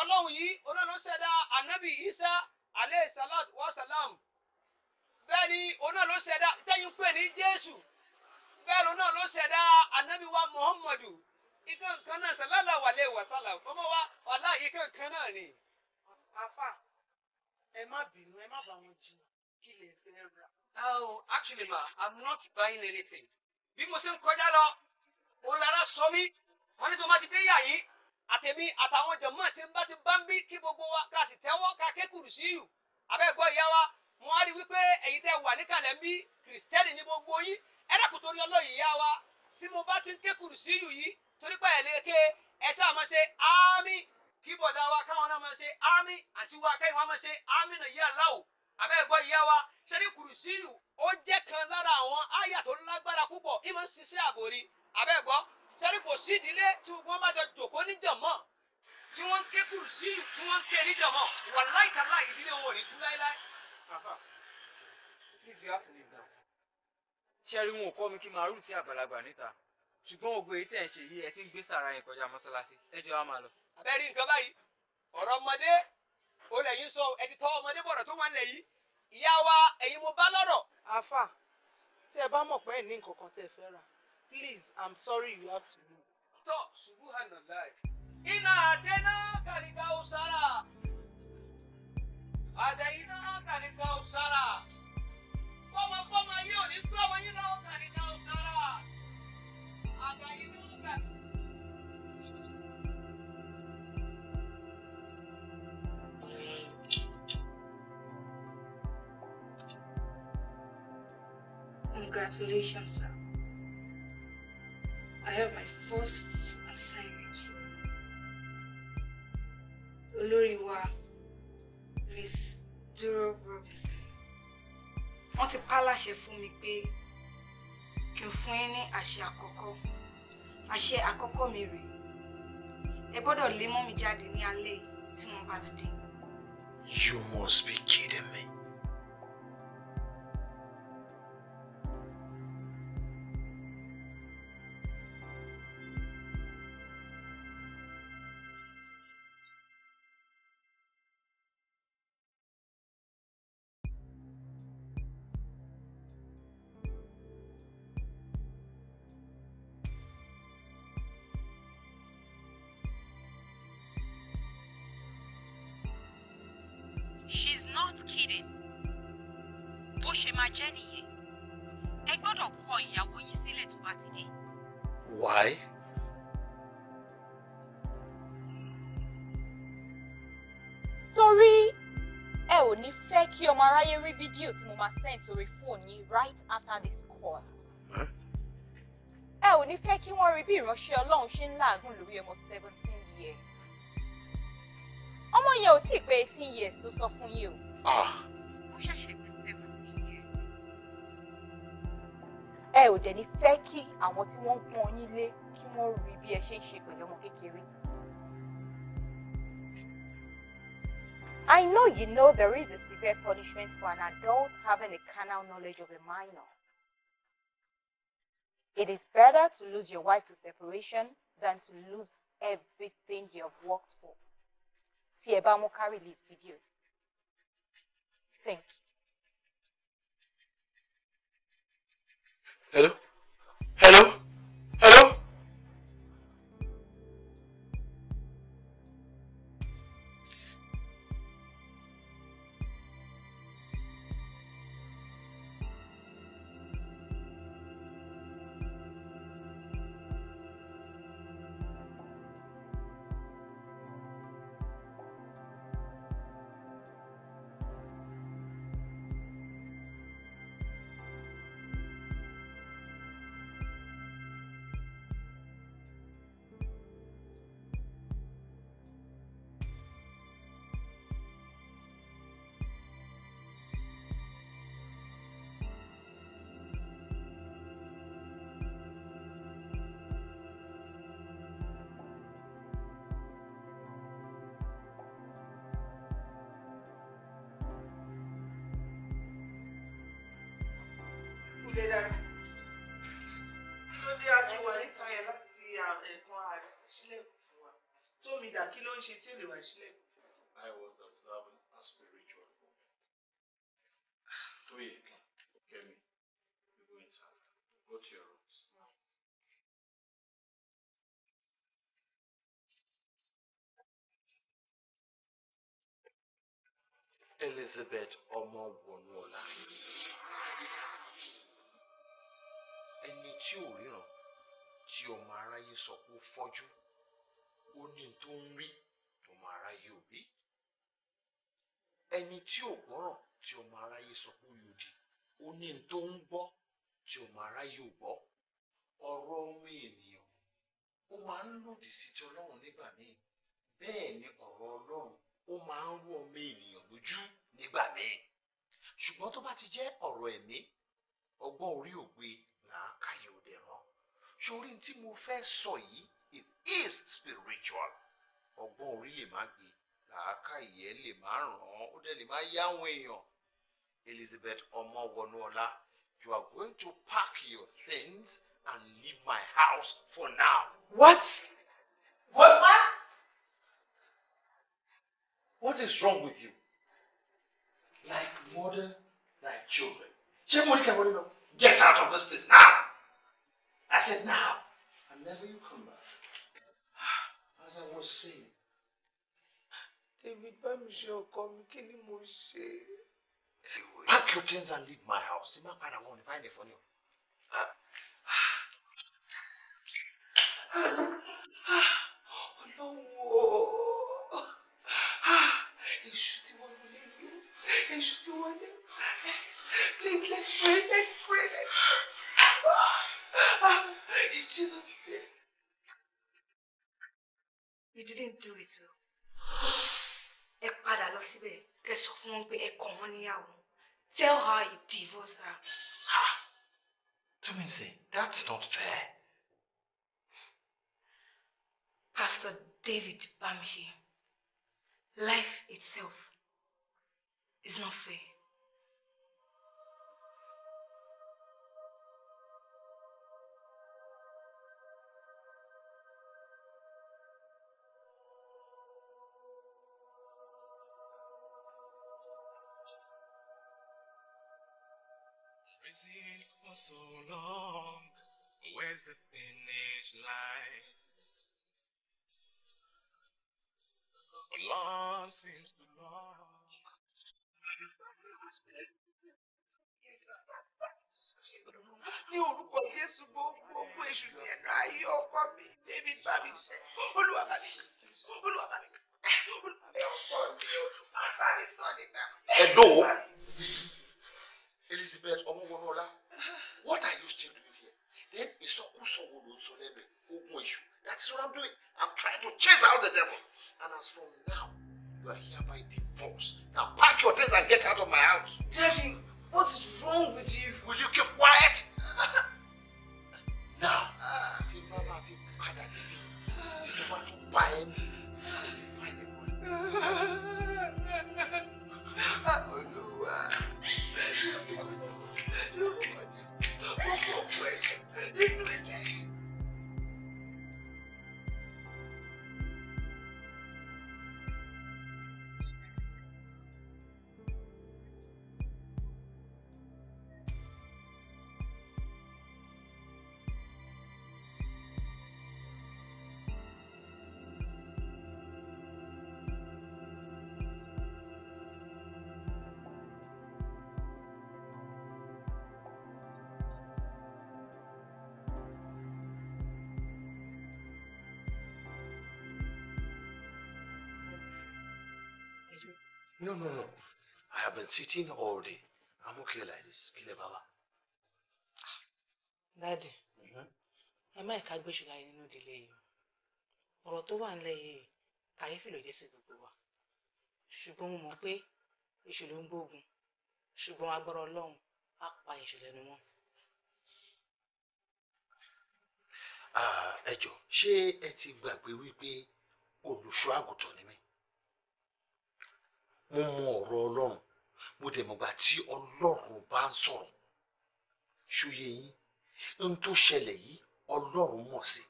I: ọlọ́run yìí olóòlù ṣẹ̀dá anabi isa aleyhi Salat wa salam bẹ́ẹ̀ ni olóòlù ṣẹ̀dá tẹ́yìn pè ní jésù bẹ́ẹ̀ ló náà ló ṣẹ̀dá anabi wa muhammadu ikan kan náà sallallahu alaihi wasallam ọmọ wa ọ̀la ikan kan náà ni.
F: àfà ẹ má bínú ẹ má bá wọn jiyàn kí lè fẹ́
I: ra oh actually ma i'm not buying anything bí mo ṣe ń kọjá lọ òun lára sọ mí wọn ní tó má ti dé yà yìí àtẹ̀mí àtàwọn jọ̀mọ́ tí ń bá ti bá ń bí kí gbogbo wa ká sì tẹ́wọ́ ká kékùrú sí yù abẹ́gbọ́ ìyá wa mo á rí wípé èyí tẹ́ wà níkàlẹ̀ ń bí kìrìsìtẹ́nì ní gbogbo yín ẹ̀rẹ́kù torí ọlọ́yìn ìyá wa tí mo bá ti ń kékùrú sí yù yìí torí pé ẹ̀lẹ́kẹ́ ẹ ṣáà máa ṣe àmì kí bọ̀dá wa káwọn náà máa ṣe àmì àti wa kẹ́yìn wa máa ṣe àmì náà yí àláwò abẹ́gbọ́ ìyá wa sẹ́ni kùrùsíyù ó jẹ́ kan lára àwọn àyà tó lágbára púpọ̀ ìmọ̀ ń ṣiṣẹ́ àbòrí abẹ́gbọ́ sẹ́ni kò sí ìdílé tí wọ́n bá jọ jòkó níjàmọ́ tí wọ́n ń ké kùrùsíyù tí wọ́n ń ké níjàmọ́ wàláhì tàláhì ìdílé wọn ò ní tú láéláé.
E: please you have to leave now. ṣẹ́rí wọn ò kọ́ mi kí máa rú ti àgbàlagbà níta ṣùgbọ́n ògbó èyí tẹ̀ ń ṣe yìí ẹ ti ń gbé sàrà yẹn kọjá mọ́ṣáláṣí ẹ jẹ́ wá máa lọ. àbẹ́rí nǹkan báyìí
I: ọ̀rọ̀ ọmọdé ó lẹ̀ sọ ẹ ti tọ́ ọmọdé bọ̀rọ̀ tó wà nílẹ̀ ìyá wa ẹ̀yin mo bá lọ́rọ̀. àfà
F: tí ẹ bá mọ̀ pé ẹ̀ ní nǹkan kan tẹ́ fẹ́ rà
I: please i'm sorry you have to go. tọ́ ṣubú hànà láì. iná àtẹná kàríkà ó sára àdẹ̀yìnà kàríkà ó sára kọ́mọkọ́mọ yóò ní tọ́wọ́ yín kàríkà ó sára àdẹ̀yìnà.
D: Congratulations, sir. I have my first assignment Oloriwa Miss Duro Robinson. Wọ́n ti pálàṣẹ fún mi pé kí n fún yín ní àṣẹ àkọ́kọ́. Àṣẹ àkọ́kọ́ mi rèé. Ẹ gbọ́dọ̀ lé mọ́ mi jáde ní alẹ́ tí wọ́n bá ti dé.
A: You must be kidding me.
H: she's not kidding bó ṣe máa jẹ́ nìyẹn ẹ gbọ́dọ̀ kọ ìyàwó yín sílẹ̀ tó bá ti dé. why. torí ẹ ò ní fẹ́ kí ọmọ aráyé rí fídíò tí mo máa send sórí fóònù yín right after this call. ẹ ò ní fẹ́ kí wọ́n rí bí ìránṣẹ́ Ọlọ́run ṣe ń làágùn lórí ọmọ seventeen years ọmọ yẹn ò tí pé eighteen years tó sọ fún yín o. mo ah. ṣẹ̀ṣẹ̀ pé seventeen years ẹ ò dẹ̀ ní fẹ́ kí àwọn tí wọ́n ń pọ́n yín lé kí wọ́n rí bí ẹ ṣe ń ṣe pẹ̀lú ọmọ kékeré. I know you know there is a severe punishment for an adult having a carnal knowledge of a minor. It is better to lose your wife to separation than to lose everything you have worked for tí ẹ bá mú ká release video. Thank you.
B: Hello.
F: dé dájú kí ló dé àti wà níta yẹn láti ẹ̀kan ààrẹ sílẹ̀kùn wa tómi dà kí ló ń ṣe tí ó lè wà sílẹ̀kùn. I was observing a spiritual moment. tó yẹ kí
A: Kẹ́mi you go inside go to your rooms. Elizabeth Omowonuola. tí ò ríran tí ọmọ aráyé sọ pé ó fọ́jú ó ní tó ń rí tọmọ aráyé ò rí ẹni tí ò gbọ́ràn tí ọmọ aráyé sọ pé ó yòdì ó ní tó ń gbọ́ tí ọmọ aráyé ò gbọ́ ọ̀rọ̀ ohun ènìyàn ó máa ń lòdì sí ti ọlọ́run nígbà míì bẹ́ẹ̀ ni ọ̀rọ̀ ọlọ́run ó máa ń rú ọmọ ènìyàn lójú nígbà míì ṣùgbọ́n tó bá ti jẹ́ ọ̀rọ̀ ẹ̀mí ọgbọ́n orí òwe làákàyè òde rọ sórí tí mo fẹ́ sọ yìí it is spiritual ọgbọ́n orí lè má gbé làákàyè ẹ lè má ràn án ó dẹ̀ lè má yá àwọn Elizabeth Ọmọwọnúọlá you are going to pack your things and leave my house for now.
F: what? what? what?
A: what is wrong with you? like mother like children ṣé mo ní kẹwàá nínú. Get out of this place now! I said now, and never you come back. As I was saying.
F: David, bá mi ṣe ọkọ mi,
A: Pack your things and leave my house. The man Tí máa padà wọ́n for you. fún yóò.
F: Ọlọ́run o! Èṣù tí wọ́n lé yóò, èṣù tí wọ́n lé. Please, let's pray. Let's pray. Ah, it's Jesus.
D: Please. You didn't do it. Ẹ padà lọ síbẹ̀. Ẹ sọ fún wọn pé ẹ kàn wọ́n Tell her you divorce her. Ha! Ah,
A: that means it. Eh, that's not
D: fair. Pastor David Bamshi. life itself is not fair.
F: is in for so long? Where's the finish line? Long seems too long. ní orúkọ jésù gbogbo ogún èṣù ní ẹnu ayé ọkọ mi david bàbí iṣẹ olúwa bàbí olúwa bàbí olúwa bàbí ọkọ mi olúwa bàbí sọ nígbà. ẹ dòwó. Elizabeth Ọmọwọlọlá
A: what are you still doing here then ìsọkúsọ wo ló ń sọ lẹ́nu ogun èṣù that is what I'm doing I'm trying to chase out the devil and as from now you are hereby divorced now pack your things and get out of my house.
F: Daddy what is wrong with you. will you keep quiet. now tí mama
A: fi padà níbí tí mo bá tún bá ẹ mi.
F: Isso é
A: sitting all day. I'm okay like this. Kí
F: lẹ bàbá. Daddy. Mm-hmm. Ẹ má ìka gbé ṣùgbọ́n nínú ìdílé yìí. Ọ̀rọ̀ tó wà nílẹ̀ yìí kàyéfì ló jẹ́ sí gbogbo wa.
D: Ṣùgbọ́n mo mọ̀ pé èṣù ló ń gbógun. Ṣùgbọ́n agbára Ọlọ́run
E: á pa èṣù anymore.
A: Ah, Ẹ She ṣé ẹ ti gbàgbé wípé olùṣọ́ àgùntàn ni mí? Mo mọ ọ̀rọ̀ Ọlọ́run mo dẹ̀ mọ̀gbà tí ọlọ́run bá ń sọ̀rọ̀ ṣòye yín n tó ṣẹlẹ̀ yìí ọlọ́run mọ̀ sí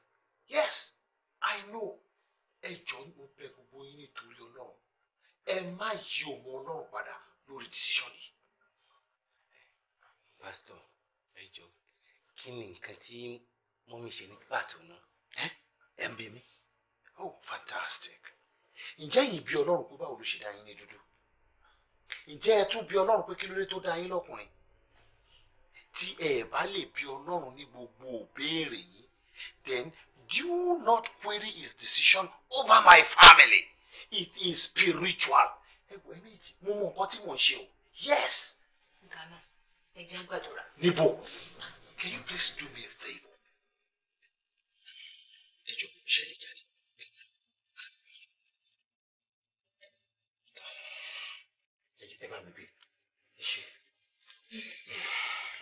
A: yes i know ẹ jọ ń bẹ gbogbo yín nítorí ọlọ́run ẹ má yí ọmọ ọlọ́run padà lórí decision yìí. pásítọ̀ ẹ jọ kí ni nǹkan tí mọ́mí ṣe ní pàtó náà. ẹ ń bẹ mí oh fantastic ǹjẹ́ yìí bí ọlọ́run kó bá olùṣèdá yín ní dúdú ǹjẹ́ ẹ tún bí ọlọ́run pé kí ló dé tó dá yín lọ́kùnrin tí ẹ bá lè bí ọlọ́run ní gbogbo òbéèrè yìí then do not query his decision over my family it is spiritual. ẹgbẹ́ méjì mo mọ nǹkan tí mò ń ṣe o
G: yes. nígbà náà ẹ jẹ́ gbàdúrà.
A: níbo can you please do me a favour?
C: ẹ jọ ṣẹlẹ̀.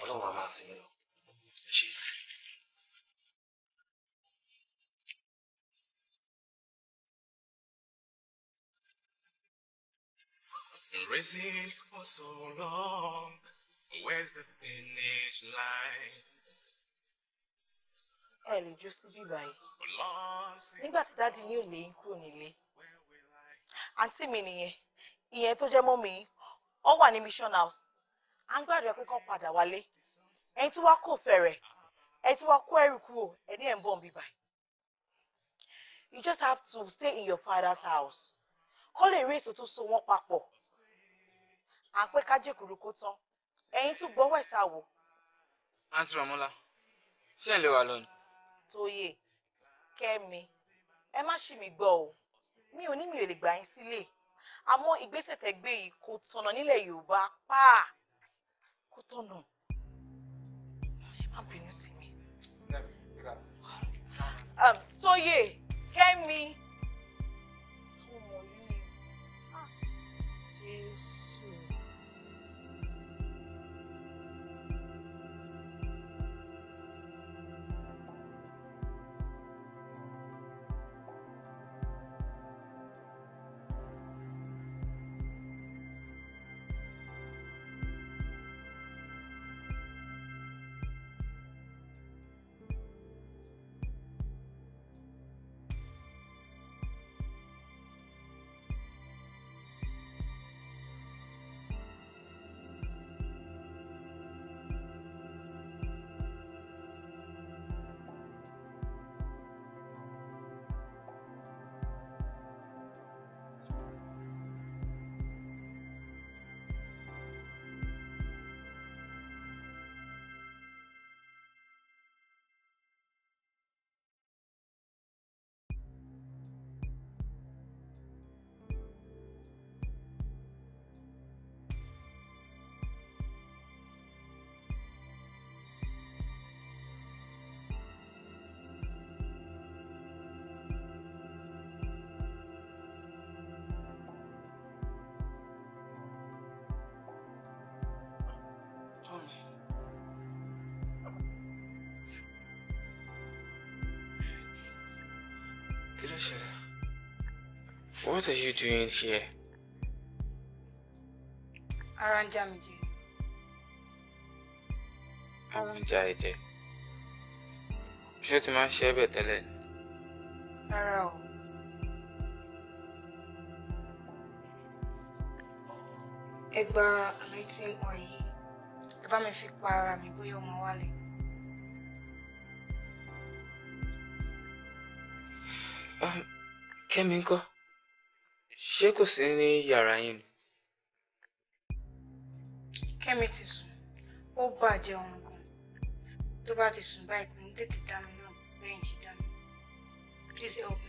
C: ọlọ́run á máa sìn yín lọ ẹ ṣé.
F: Racing for so long, where's the finish line? ẹ lè jó síbí báyìí nígbà tí dáàdi yín ò lè yín kúrò nílé àǹtí mi nìyẹn ìyẹn tó jẹ́ mọ́ mi ó wà ní mission house à ń gbàdúrà pé kán padà wálé ẹni tí wàá kò fẹ̀rẹ̀ ẹni tí wàá kó ẹrù kúrò ẹni ẹ̀ ń bọ̀ ń bíbà you just have to stay in your father's house kọ́ lè rí èso tó so wọ́n papọ̀ à ń pẹ́ kájèkùrú kó tán ẹ̀yin tún gbọ́wọ́ ẹ̀sà wò.
E: àǹtí Rọ̀mọ́lá ṣé ẹ̀ lè wà lónìí.
F: Tóyè Kẹ́mi ẹ má ṣì mí gbọ́ o mi ò ní mi ò lè gbà yín sílẹ̀ àmọ́ ìgbésẹ̀ tẹ́ yìí kò tọ̀nà nílẹ̀ Yorùbá pàà kó tọ̀nà
E: ẹ má bínú sí
F: Um. Tóyè Kẹ́mi.
D: Rashida,
E: what are you doing here?
D: Aranjamije.
E: Aranjamije. Ṣé o ti máa ń ṣe ẹ̀bẹ̀ tẹ́lẹ̀?
D: Rárá o. Ẹ gba aláìtí ń wọ̀nyí. Ẹ bá mi fi pa ara mi bóyá ọmọ wálé.
E: Kẹ́mi ńkọ́? Ṣé kò sí ní yàrá yín ni?
D: Kẹ́mi ti sùn, ó bàjẹ́ ọrùn gan. Tó bá ti sùn báyìí, mo ń tètè dá mi náà bẹ́ẹ̀ ṣe dá mi. Please help me.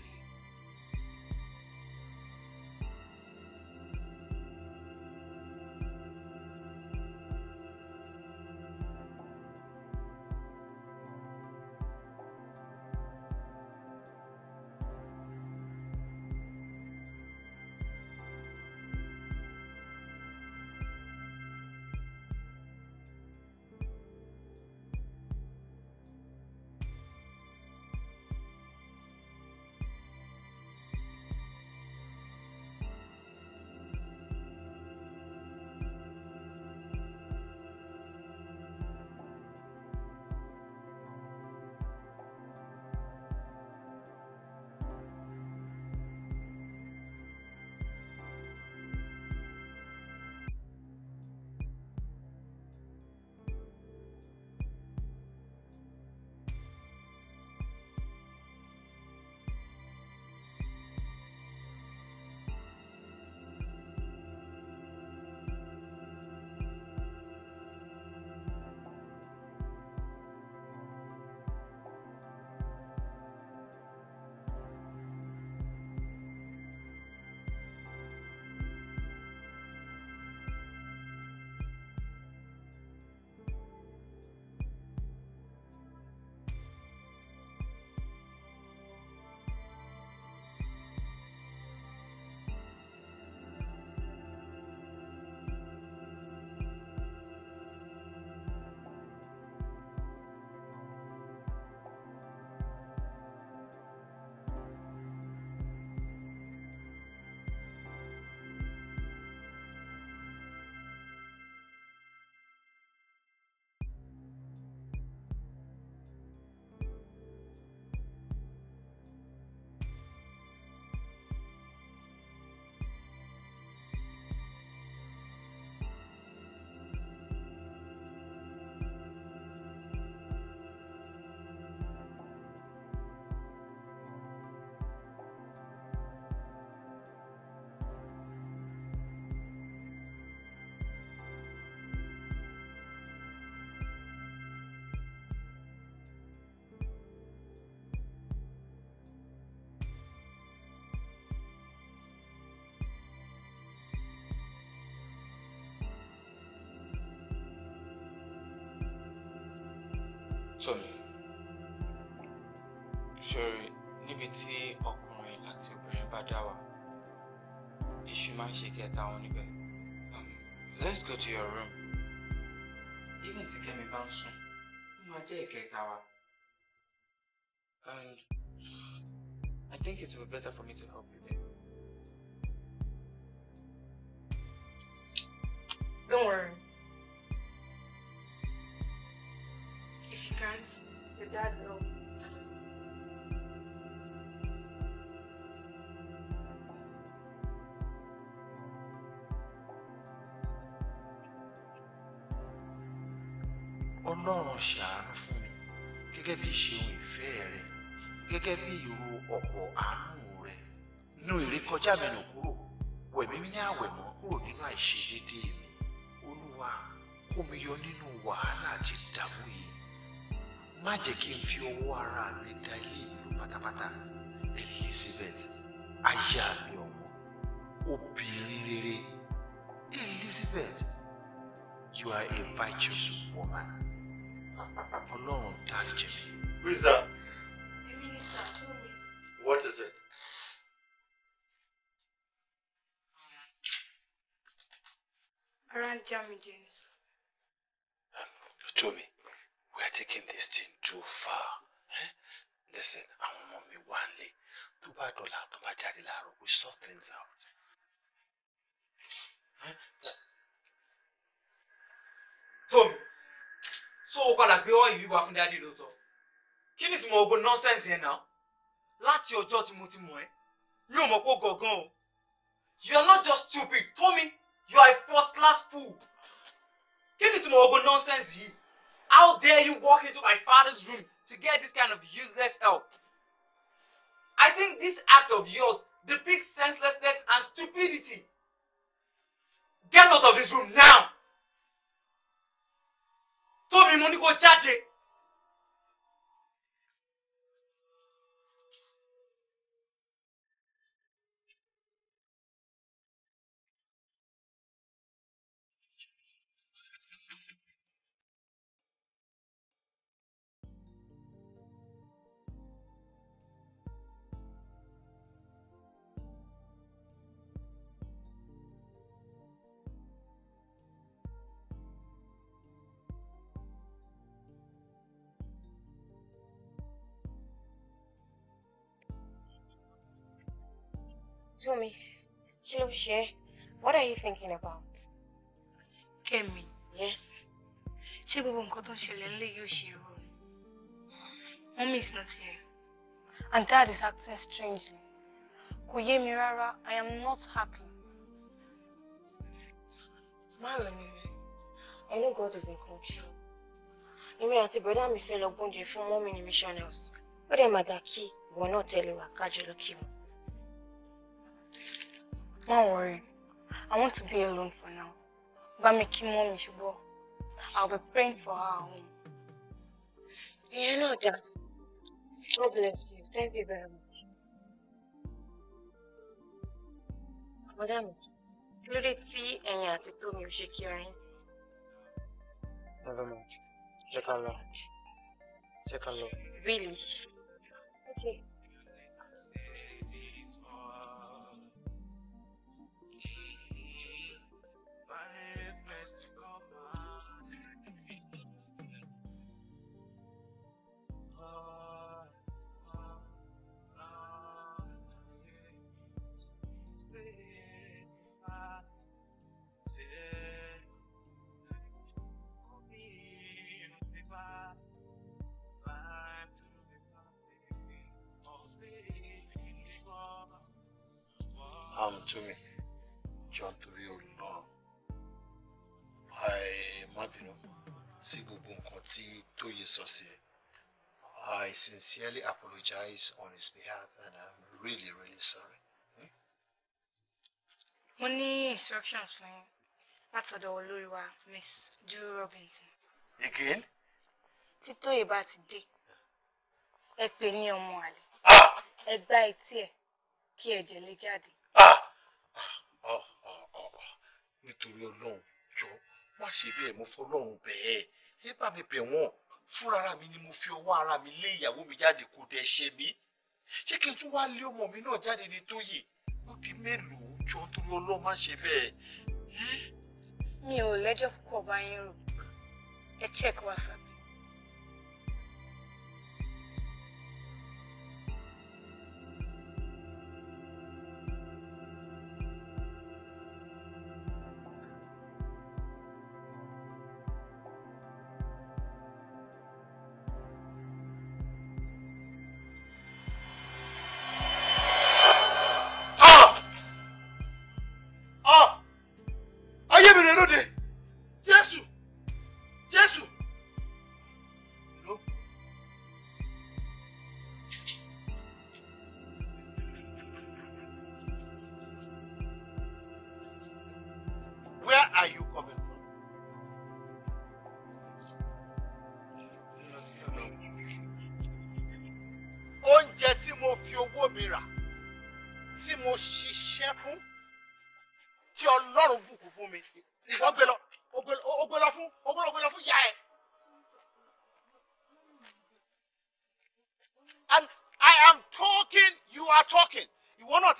E: Tọ́mi ṣọrí níbi tí ọkùnrin àti obìnrin bá dá wà iṣu máa ń ṣe kẹta wọn níbẹ̀ um, let's go to your room even tí Kẹ́mi bá ń sùn ó máa jẹ́ ìkẹta wa and I think it will be better for me to help you there. Don't worry.
F: can't. Your dad will.
A: ọlọ́run ṣàánú fún mi gẹ́gẹ́ bí ìṣeun ìfẹ́ rẹ gẹ́gẹ́ bí ìró ọ̀pọ̀ àánú rẹ nu ìrékọjá mi nù kúrò wẹ̀mí ní àwẹ̀mọ́ kúrò nínú àìṣedéédéé mi olúwa kó mi yọ nínú wàhálà àti ìdààmú yìí má jẹ́ kí n fi ọwọ́ ara mi da ilé ìlú pátápátá elizabeth aya mi ọ̀wọ́ obìnrin rere elizabeth you are a virtuous woman ọlọ́run dáríjì mi. who is that? what is it?
D: ara ń já mi jẹ ní sọ.
A: mi we are taking this thing too far eh? listen àwọn ọmọ one wà nílé bad bá dọ̀là tó bá jáde láàárọ̀ we sort things out. Eh?
B: Tommy, so o padà gbé all ìwé wa fún dáadé lóòótọ́ kí ni ìtumọ̀ ogun nọ́sẹ̀nsì yẹn náà láti ọjọ́ tí mo ti mọ̀ ẹ́ mi ò mọ̀ you are not just stupid Tommy you are a first class fool kí ni ìtumọ̀ ogun nonsense here. How dare you walk into my father's room to get this kind of useless help? I think this act of yours depicts senselessness and stupidity. Get out of this room now! Tómi mo ní kó
G: Tommy, kí ló What are you thinking about? Kẹ́mi. Yes. Ṣé gbogbo
D: nǹkan tó ń ṣẹlẹ̀ nílé yóò Mommy is not here. And dad is acting strangely. Kuye Mirara, I am not happy.
G: Máàrún I know God is in control. You àti bọ̀dá brother me fellow gbóúnjẹ fún mọ́mí ní mission house. Ó dẹ̀ màdà kí ìwọ náà tẹ̀lé wa kájọ lókè wọn. Don't worry.
D: I want to be alone for now. Bá mi kí mọ́mì ṣùgbọ́n. I'll be praying for her home.
G: You know that. God bless you. Thank
B: you very much.
G: Madam, kí ló dé tí ẹ̀yin àti Tómi ò ṣe kíra yín?
E: Never mind. Jẹ́ ká lọ. Jẹ́ Really?
A: to me. John torí Ọlọ́run. I má bínú sí gbogbo nǹkan tí Tóyè sọ sí ẹ. I sincerely apologize on his behalf and I'm really really sorry.
D: Hmm? Mo hmm? ní instructions fún yín látọ̀dọ̀ olórí wa Miss Drew Robinson. Again? Tí Tóyè bá ti dé, ẹ pè Ah! ọmọ àlè. Ah! Ẹ gbá etí ẹ̀ kí
A: nítorí ọlọ́run jọ má ṣe bẹ́ẹ̀ mo fọlọ́run bẹ́ẹ̀ ẹ bá mi bẹ̀ wọ́n fúnra ara mi ni mo fi ọwọ́ ara mi lé ìyàwó mi jáde kó dẹ̀ ṣe mí ṣé kí n tún wáá lé ọmọ mi náà jáde ní tó yè ó di mélòó jọ nítorí ọlọ́run má ṣe bẹ́ẹ̀.
D: mi ò lẹ́jọ́ púpọ̀ bá yín rò ẹ check whatsapp.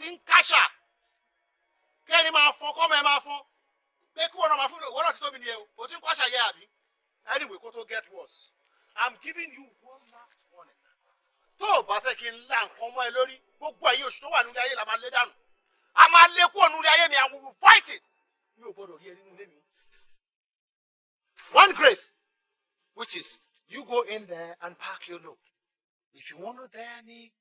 A: ti ń káṣà kẹ́ni máa fọ kọ́mọ ẹ máa fọ pé kí wọn náà máa fún mi wọn náà ti tóbi nìyẹn o o ti ń káṣà yẹ àbí anyway kó tó get worse i'm giving you
C: one last warning
A: tó o bá fẹ́ kí n la nǹkan mọ́ ẹ lórí gbogbo ẹ̀yin oṣù tó wà nílé ayé la máa lé dànù a máa lé kúrò nílé ayé mi i will fight it mi ò gbọdọ̀ rí ẹ nínú ilé mi. one grace which is you go in there and pack your load if you wan know there me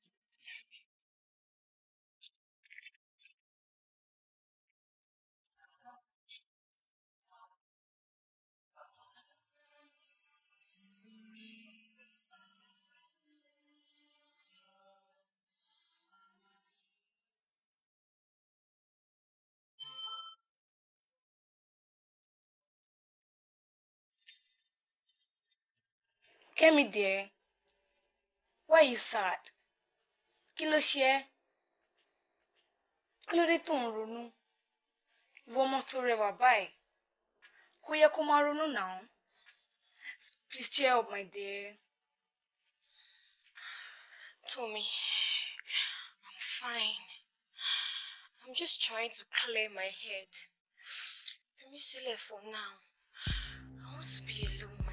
D: Kẹ́mi dear, why are you sad? Kí ló ṣe ẹ́? Kí ló dé tó ń ronú? Ìwọ ọmọ tó rẹwà now.
G: Please cheer up, my dear. Tommy, I'm fine. I'm just trying to clear my head. Let me see for now. I want to be alone.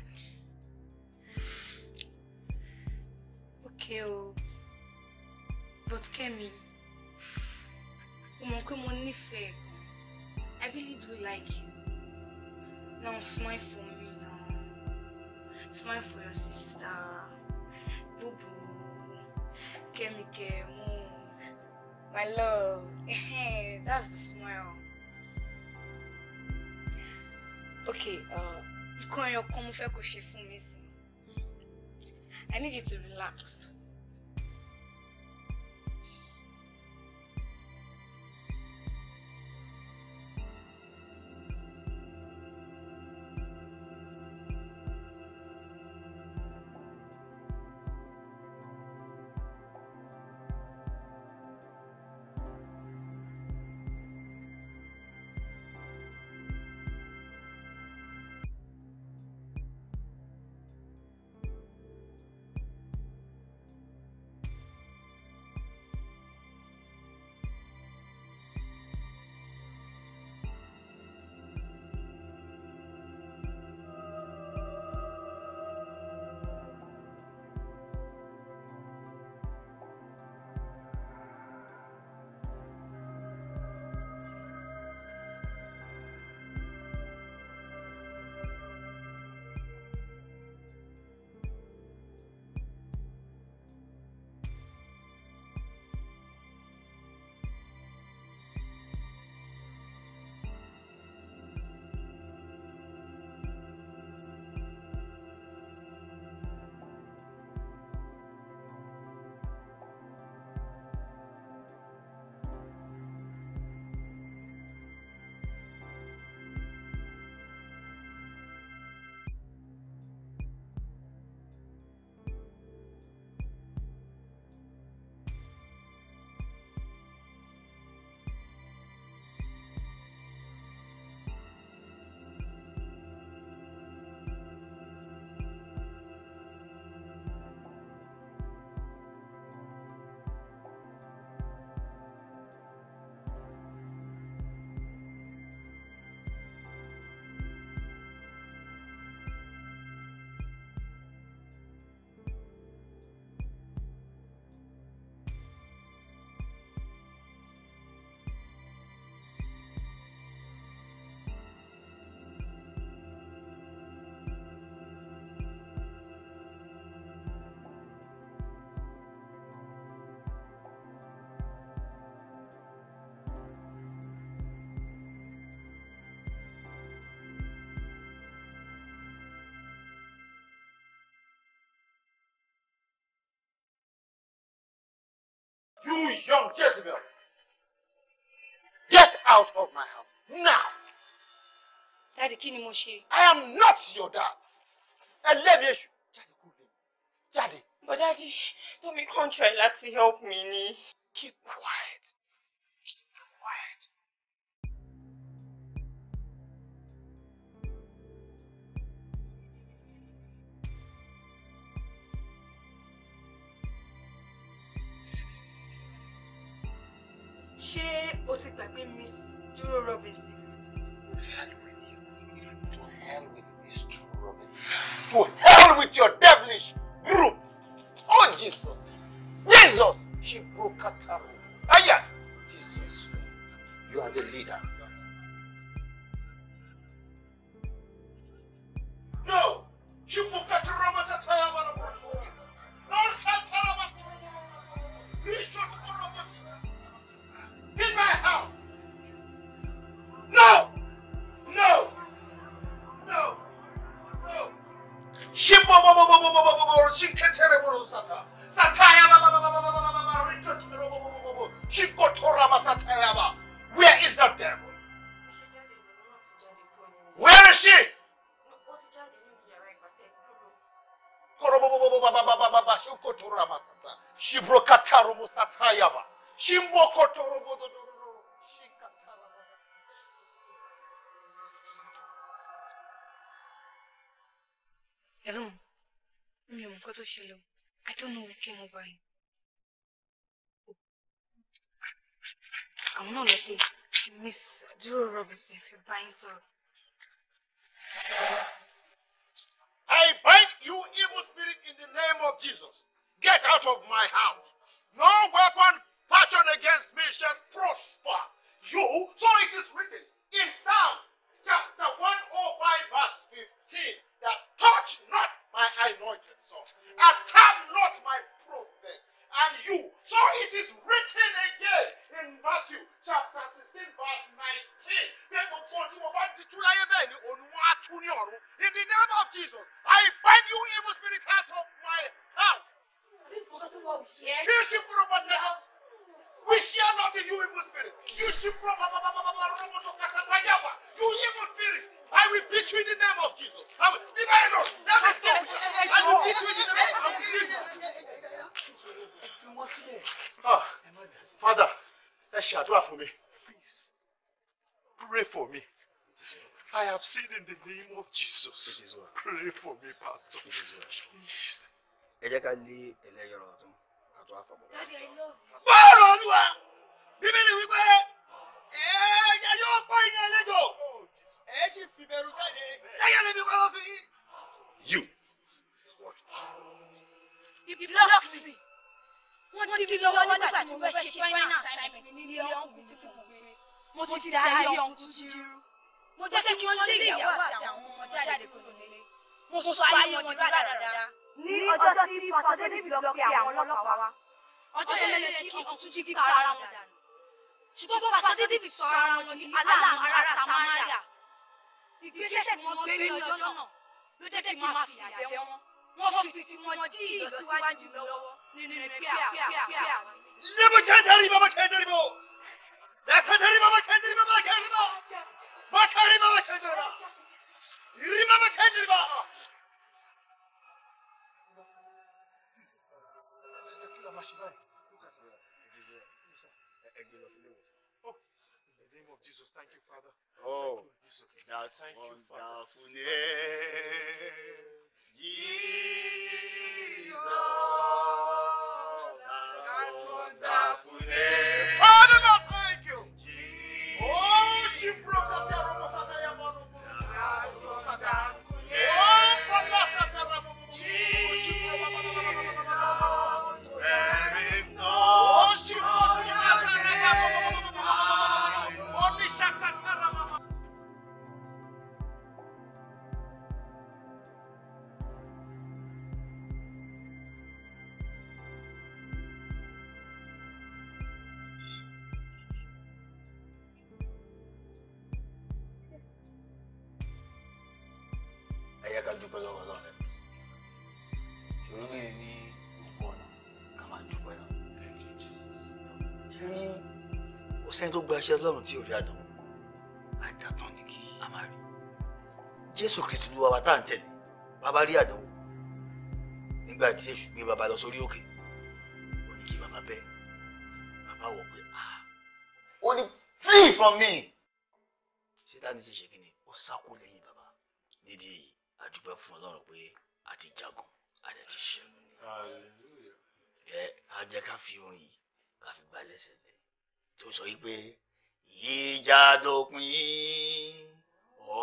G: okay o
D: but Kẹ́mi o mọ̀ pé mo nífẹ̀ẹ́ I really do like you now smile for me now smile for your sister bubu Kẹ́mi kẹmu my love that's the smile okay uh, nǹkan ẹyọ kan mo fẹ́ kó ṣe fún mi sí i need you to relax.
A: Jezebel, get out of my house now. Daddy, kí ni mo ṣe? I am not your dad.
B: Ẹlẹ́bi èṣù. Jáde kúrò lẹ́yìn. Jáde. But daddy, Tomi kàn try láti help me ni.
A: Karubu Satayaba.
B: Shimboko Torobo
D: Hello. Mi ò mọ̀ nǹkan tó ṣẹlẹ̀ o. I don't know who came over here. I'm not letting Miss Drew Robinson fi báyìí sọ̀rọ̀. I bind
A: you evil spirit in the name of Jesus. Get out of my house. No weapon fashioned against me shall prosper. You, so it is written in Psalm chapter 105, verse 15, that touch not my anointed son, and come not my prophet, and you. So it is written again in Matthew chapter 16, verse 19. In the name of Jesus, I bind you, evil spirit, out of my house. You've forgotten what we shared. You should probably have. We share not in you evil spirit. You should probably You evil spirit. I will beat you in the name of Jesus. I will. Leave me alone. Let me stop you. I will beat you in the name of Jesus. Oh, Father, ẹ ṣàdúrà fún mi. Please, pray for me. I have seen in the name of Jesus. Pray for me, Pastor. Please ẹ ká lé ẹlẹ́yọrọ ọ̀tún ká tó
B: bọ́ọ̀lù olúwa bíbélì wípé ẹ̀ẹ́dá yóò pọ̀ ìyẹn lẹ́jọ́ ẹ̀ẹ́ sì fìbẹ̀rù jáde ẹ̀yẹ lè kọ́ lọ́ fi yín. you
A: what. ibi block
B: tv wọ́n dí mi lọ́wọ́
D: nígbà tí mo ṣe final assignment mi nílé ọ̀hún títí mo béèrè mo ti ọ̀hún tuntun mo jẹ́ kí wọ́n lé ìyàwó àti àwọn ọmọ jáde kúrò nílé mo sọ ayé wọn ti bá dáadáa ní ọjọ́ tí pásítọ̀ david lọ pe àwọn ọlọ́pàá wa ọjọ́ yẹn lè kí ọ̀tún jí ká ara wọn dànù ṣùgbọ́n pásítọ̀ david sọ ara wọn di aláàmú ara samaria ìgbésẹ̀ tí wọ́n gbé ní ọjọ́ náà ló jẹ́ kí máa fìyà jẹ wọn wọ́n fi ti wọn dí ìlọsíwájú lọ́wọ́ nínú ẹgbẹ́ àpẹ́àpẹ́à.
B: lébù kẹ́ndẹ́rì bàbá kẹ́ndẹ́rì bò kẹ́ndẹ́rì bàbá kẹ́ndẹ́rì bàbá kẹ́ndẹ́rì bò bàkàrí bàbá kẹ́ndẹ́rì bò ìrì bàbá kẹ́ndẹ́rì bò. ṣe báyìí. Oh,
A: in the name of Jesus, thank you, Father.
B: Oh, that's thank you, wonderful name, Jesus. That wonderful name. Father, Lord, thank you. Jesus. Oh, she broke up your kò sẹ́ni tó gba iṣẹ́ ọlọ́run tí ò rí àdánwò àdàtàn ni
A: kí a máa rí jésù kristu ló wà wá tá à ń tẹ̀lé bàbá rí àdánwò nígbà tí èṣù gbé bàbá lọ sórí òkè ó ní kí bàbá bẹ́ bàbá wọ̀ pé
B: ó ní flee from me
A: ṣètánì ti ṣe kí ni ó sákó lẹ́yìn bàbá nídìí èyí a dúpẹ́ fún ọlọ́run pé a ti jagun a ti ṣẹ́gun ẹ á ká fi orin yìí ká fi gbá lẹ́sẹ̀ tó sọ wípé ìjà dópin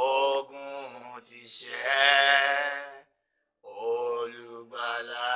A: ogun ti ṣẹ́ olùgbàlà